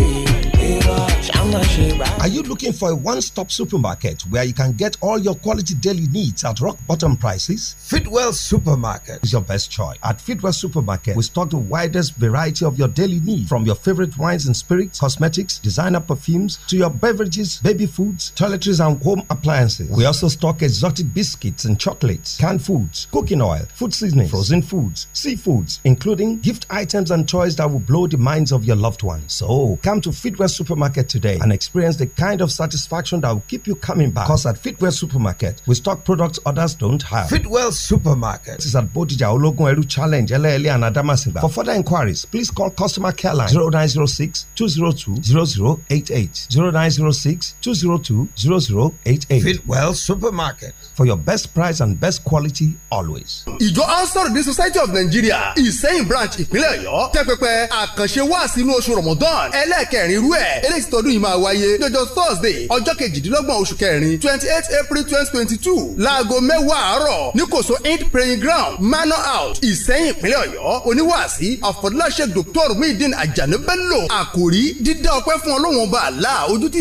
yeah. Are you looking for a one stop supermarket where you can get all your quality daily needs at rock bottom prices? Fitwell Supermarket is your best choice. At Fitwell Supermarket, we stock the widest variety of your daily needs from your favorite wines and spirits, cosmetics, designer perfumes, to your beverages, baby foods, toiletries, and home appliances. We also stock exotic biscuits and chocolates, canned foods, cooking oil, food seasoning, frozen foods, seafoods, including gift items and toys that will blow the minds of your loved ones. So come to Fitwell Supermarket today today and experience the kind of satisfaction that will keep you coming back. Because at Fitwell Supermarket, we stock products others don't have. Fitwell Supermarket this is at Bodija Ologun Eru Challenge, Elele and Adamasiba. For further inquiries, please call customer care line 0906 202 0088 0906 202 0088. Fitwell Supermarket for your best price and best quality always. Ìjọ Ansar ní Society of Nigeria Ìsẹ́yìn branch ìpínlẹ̀ Ọ̀yọ́ tẹ́pẹ́pẹ́ àkànṣe wáàsí inú oṣù Ramadan ẹlẹ́ẹ̀kẹrin irú ẹ̀ eléyìí ọdún yìí máa wáyé lọ́jọ́ Thursday ọjọ́ kejìdínlọ́gbọ̀n oṣù kẹrin twenty eight April twenty twenty two láago mẹ́wàá àárọ̀ níkòso eight praying ground manor house Ìsẹ́yìn ìpínlẹ̀ Ọ̀yọ́ oníwàásí àfọ̀dúnláṣẹ́ Dr. Muideen Ajani Bello àkòrí dídá ọpẹ́ fún Ọlọ́run ọba àlá ojú Ti.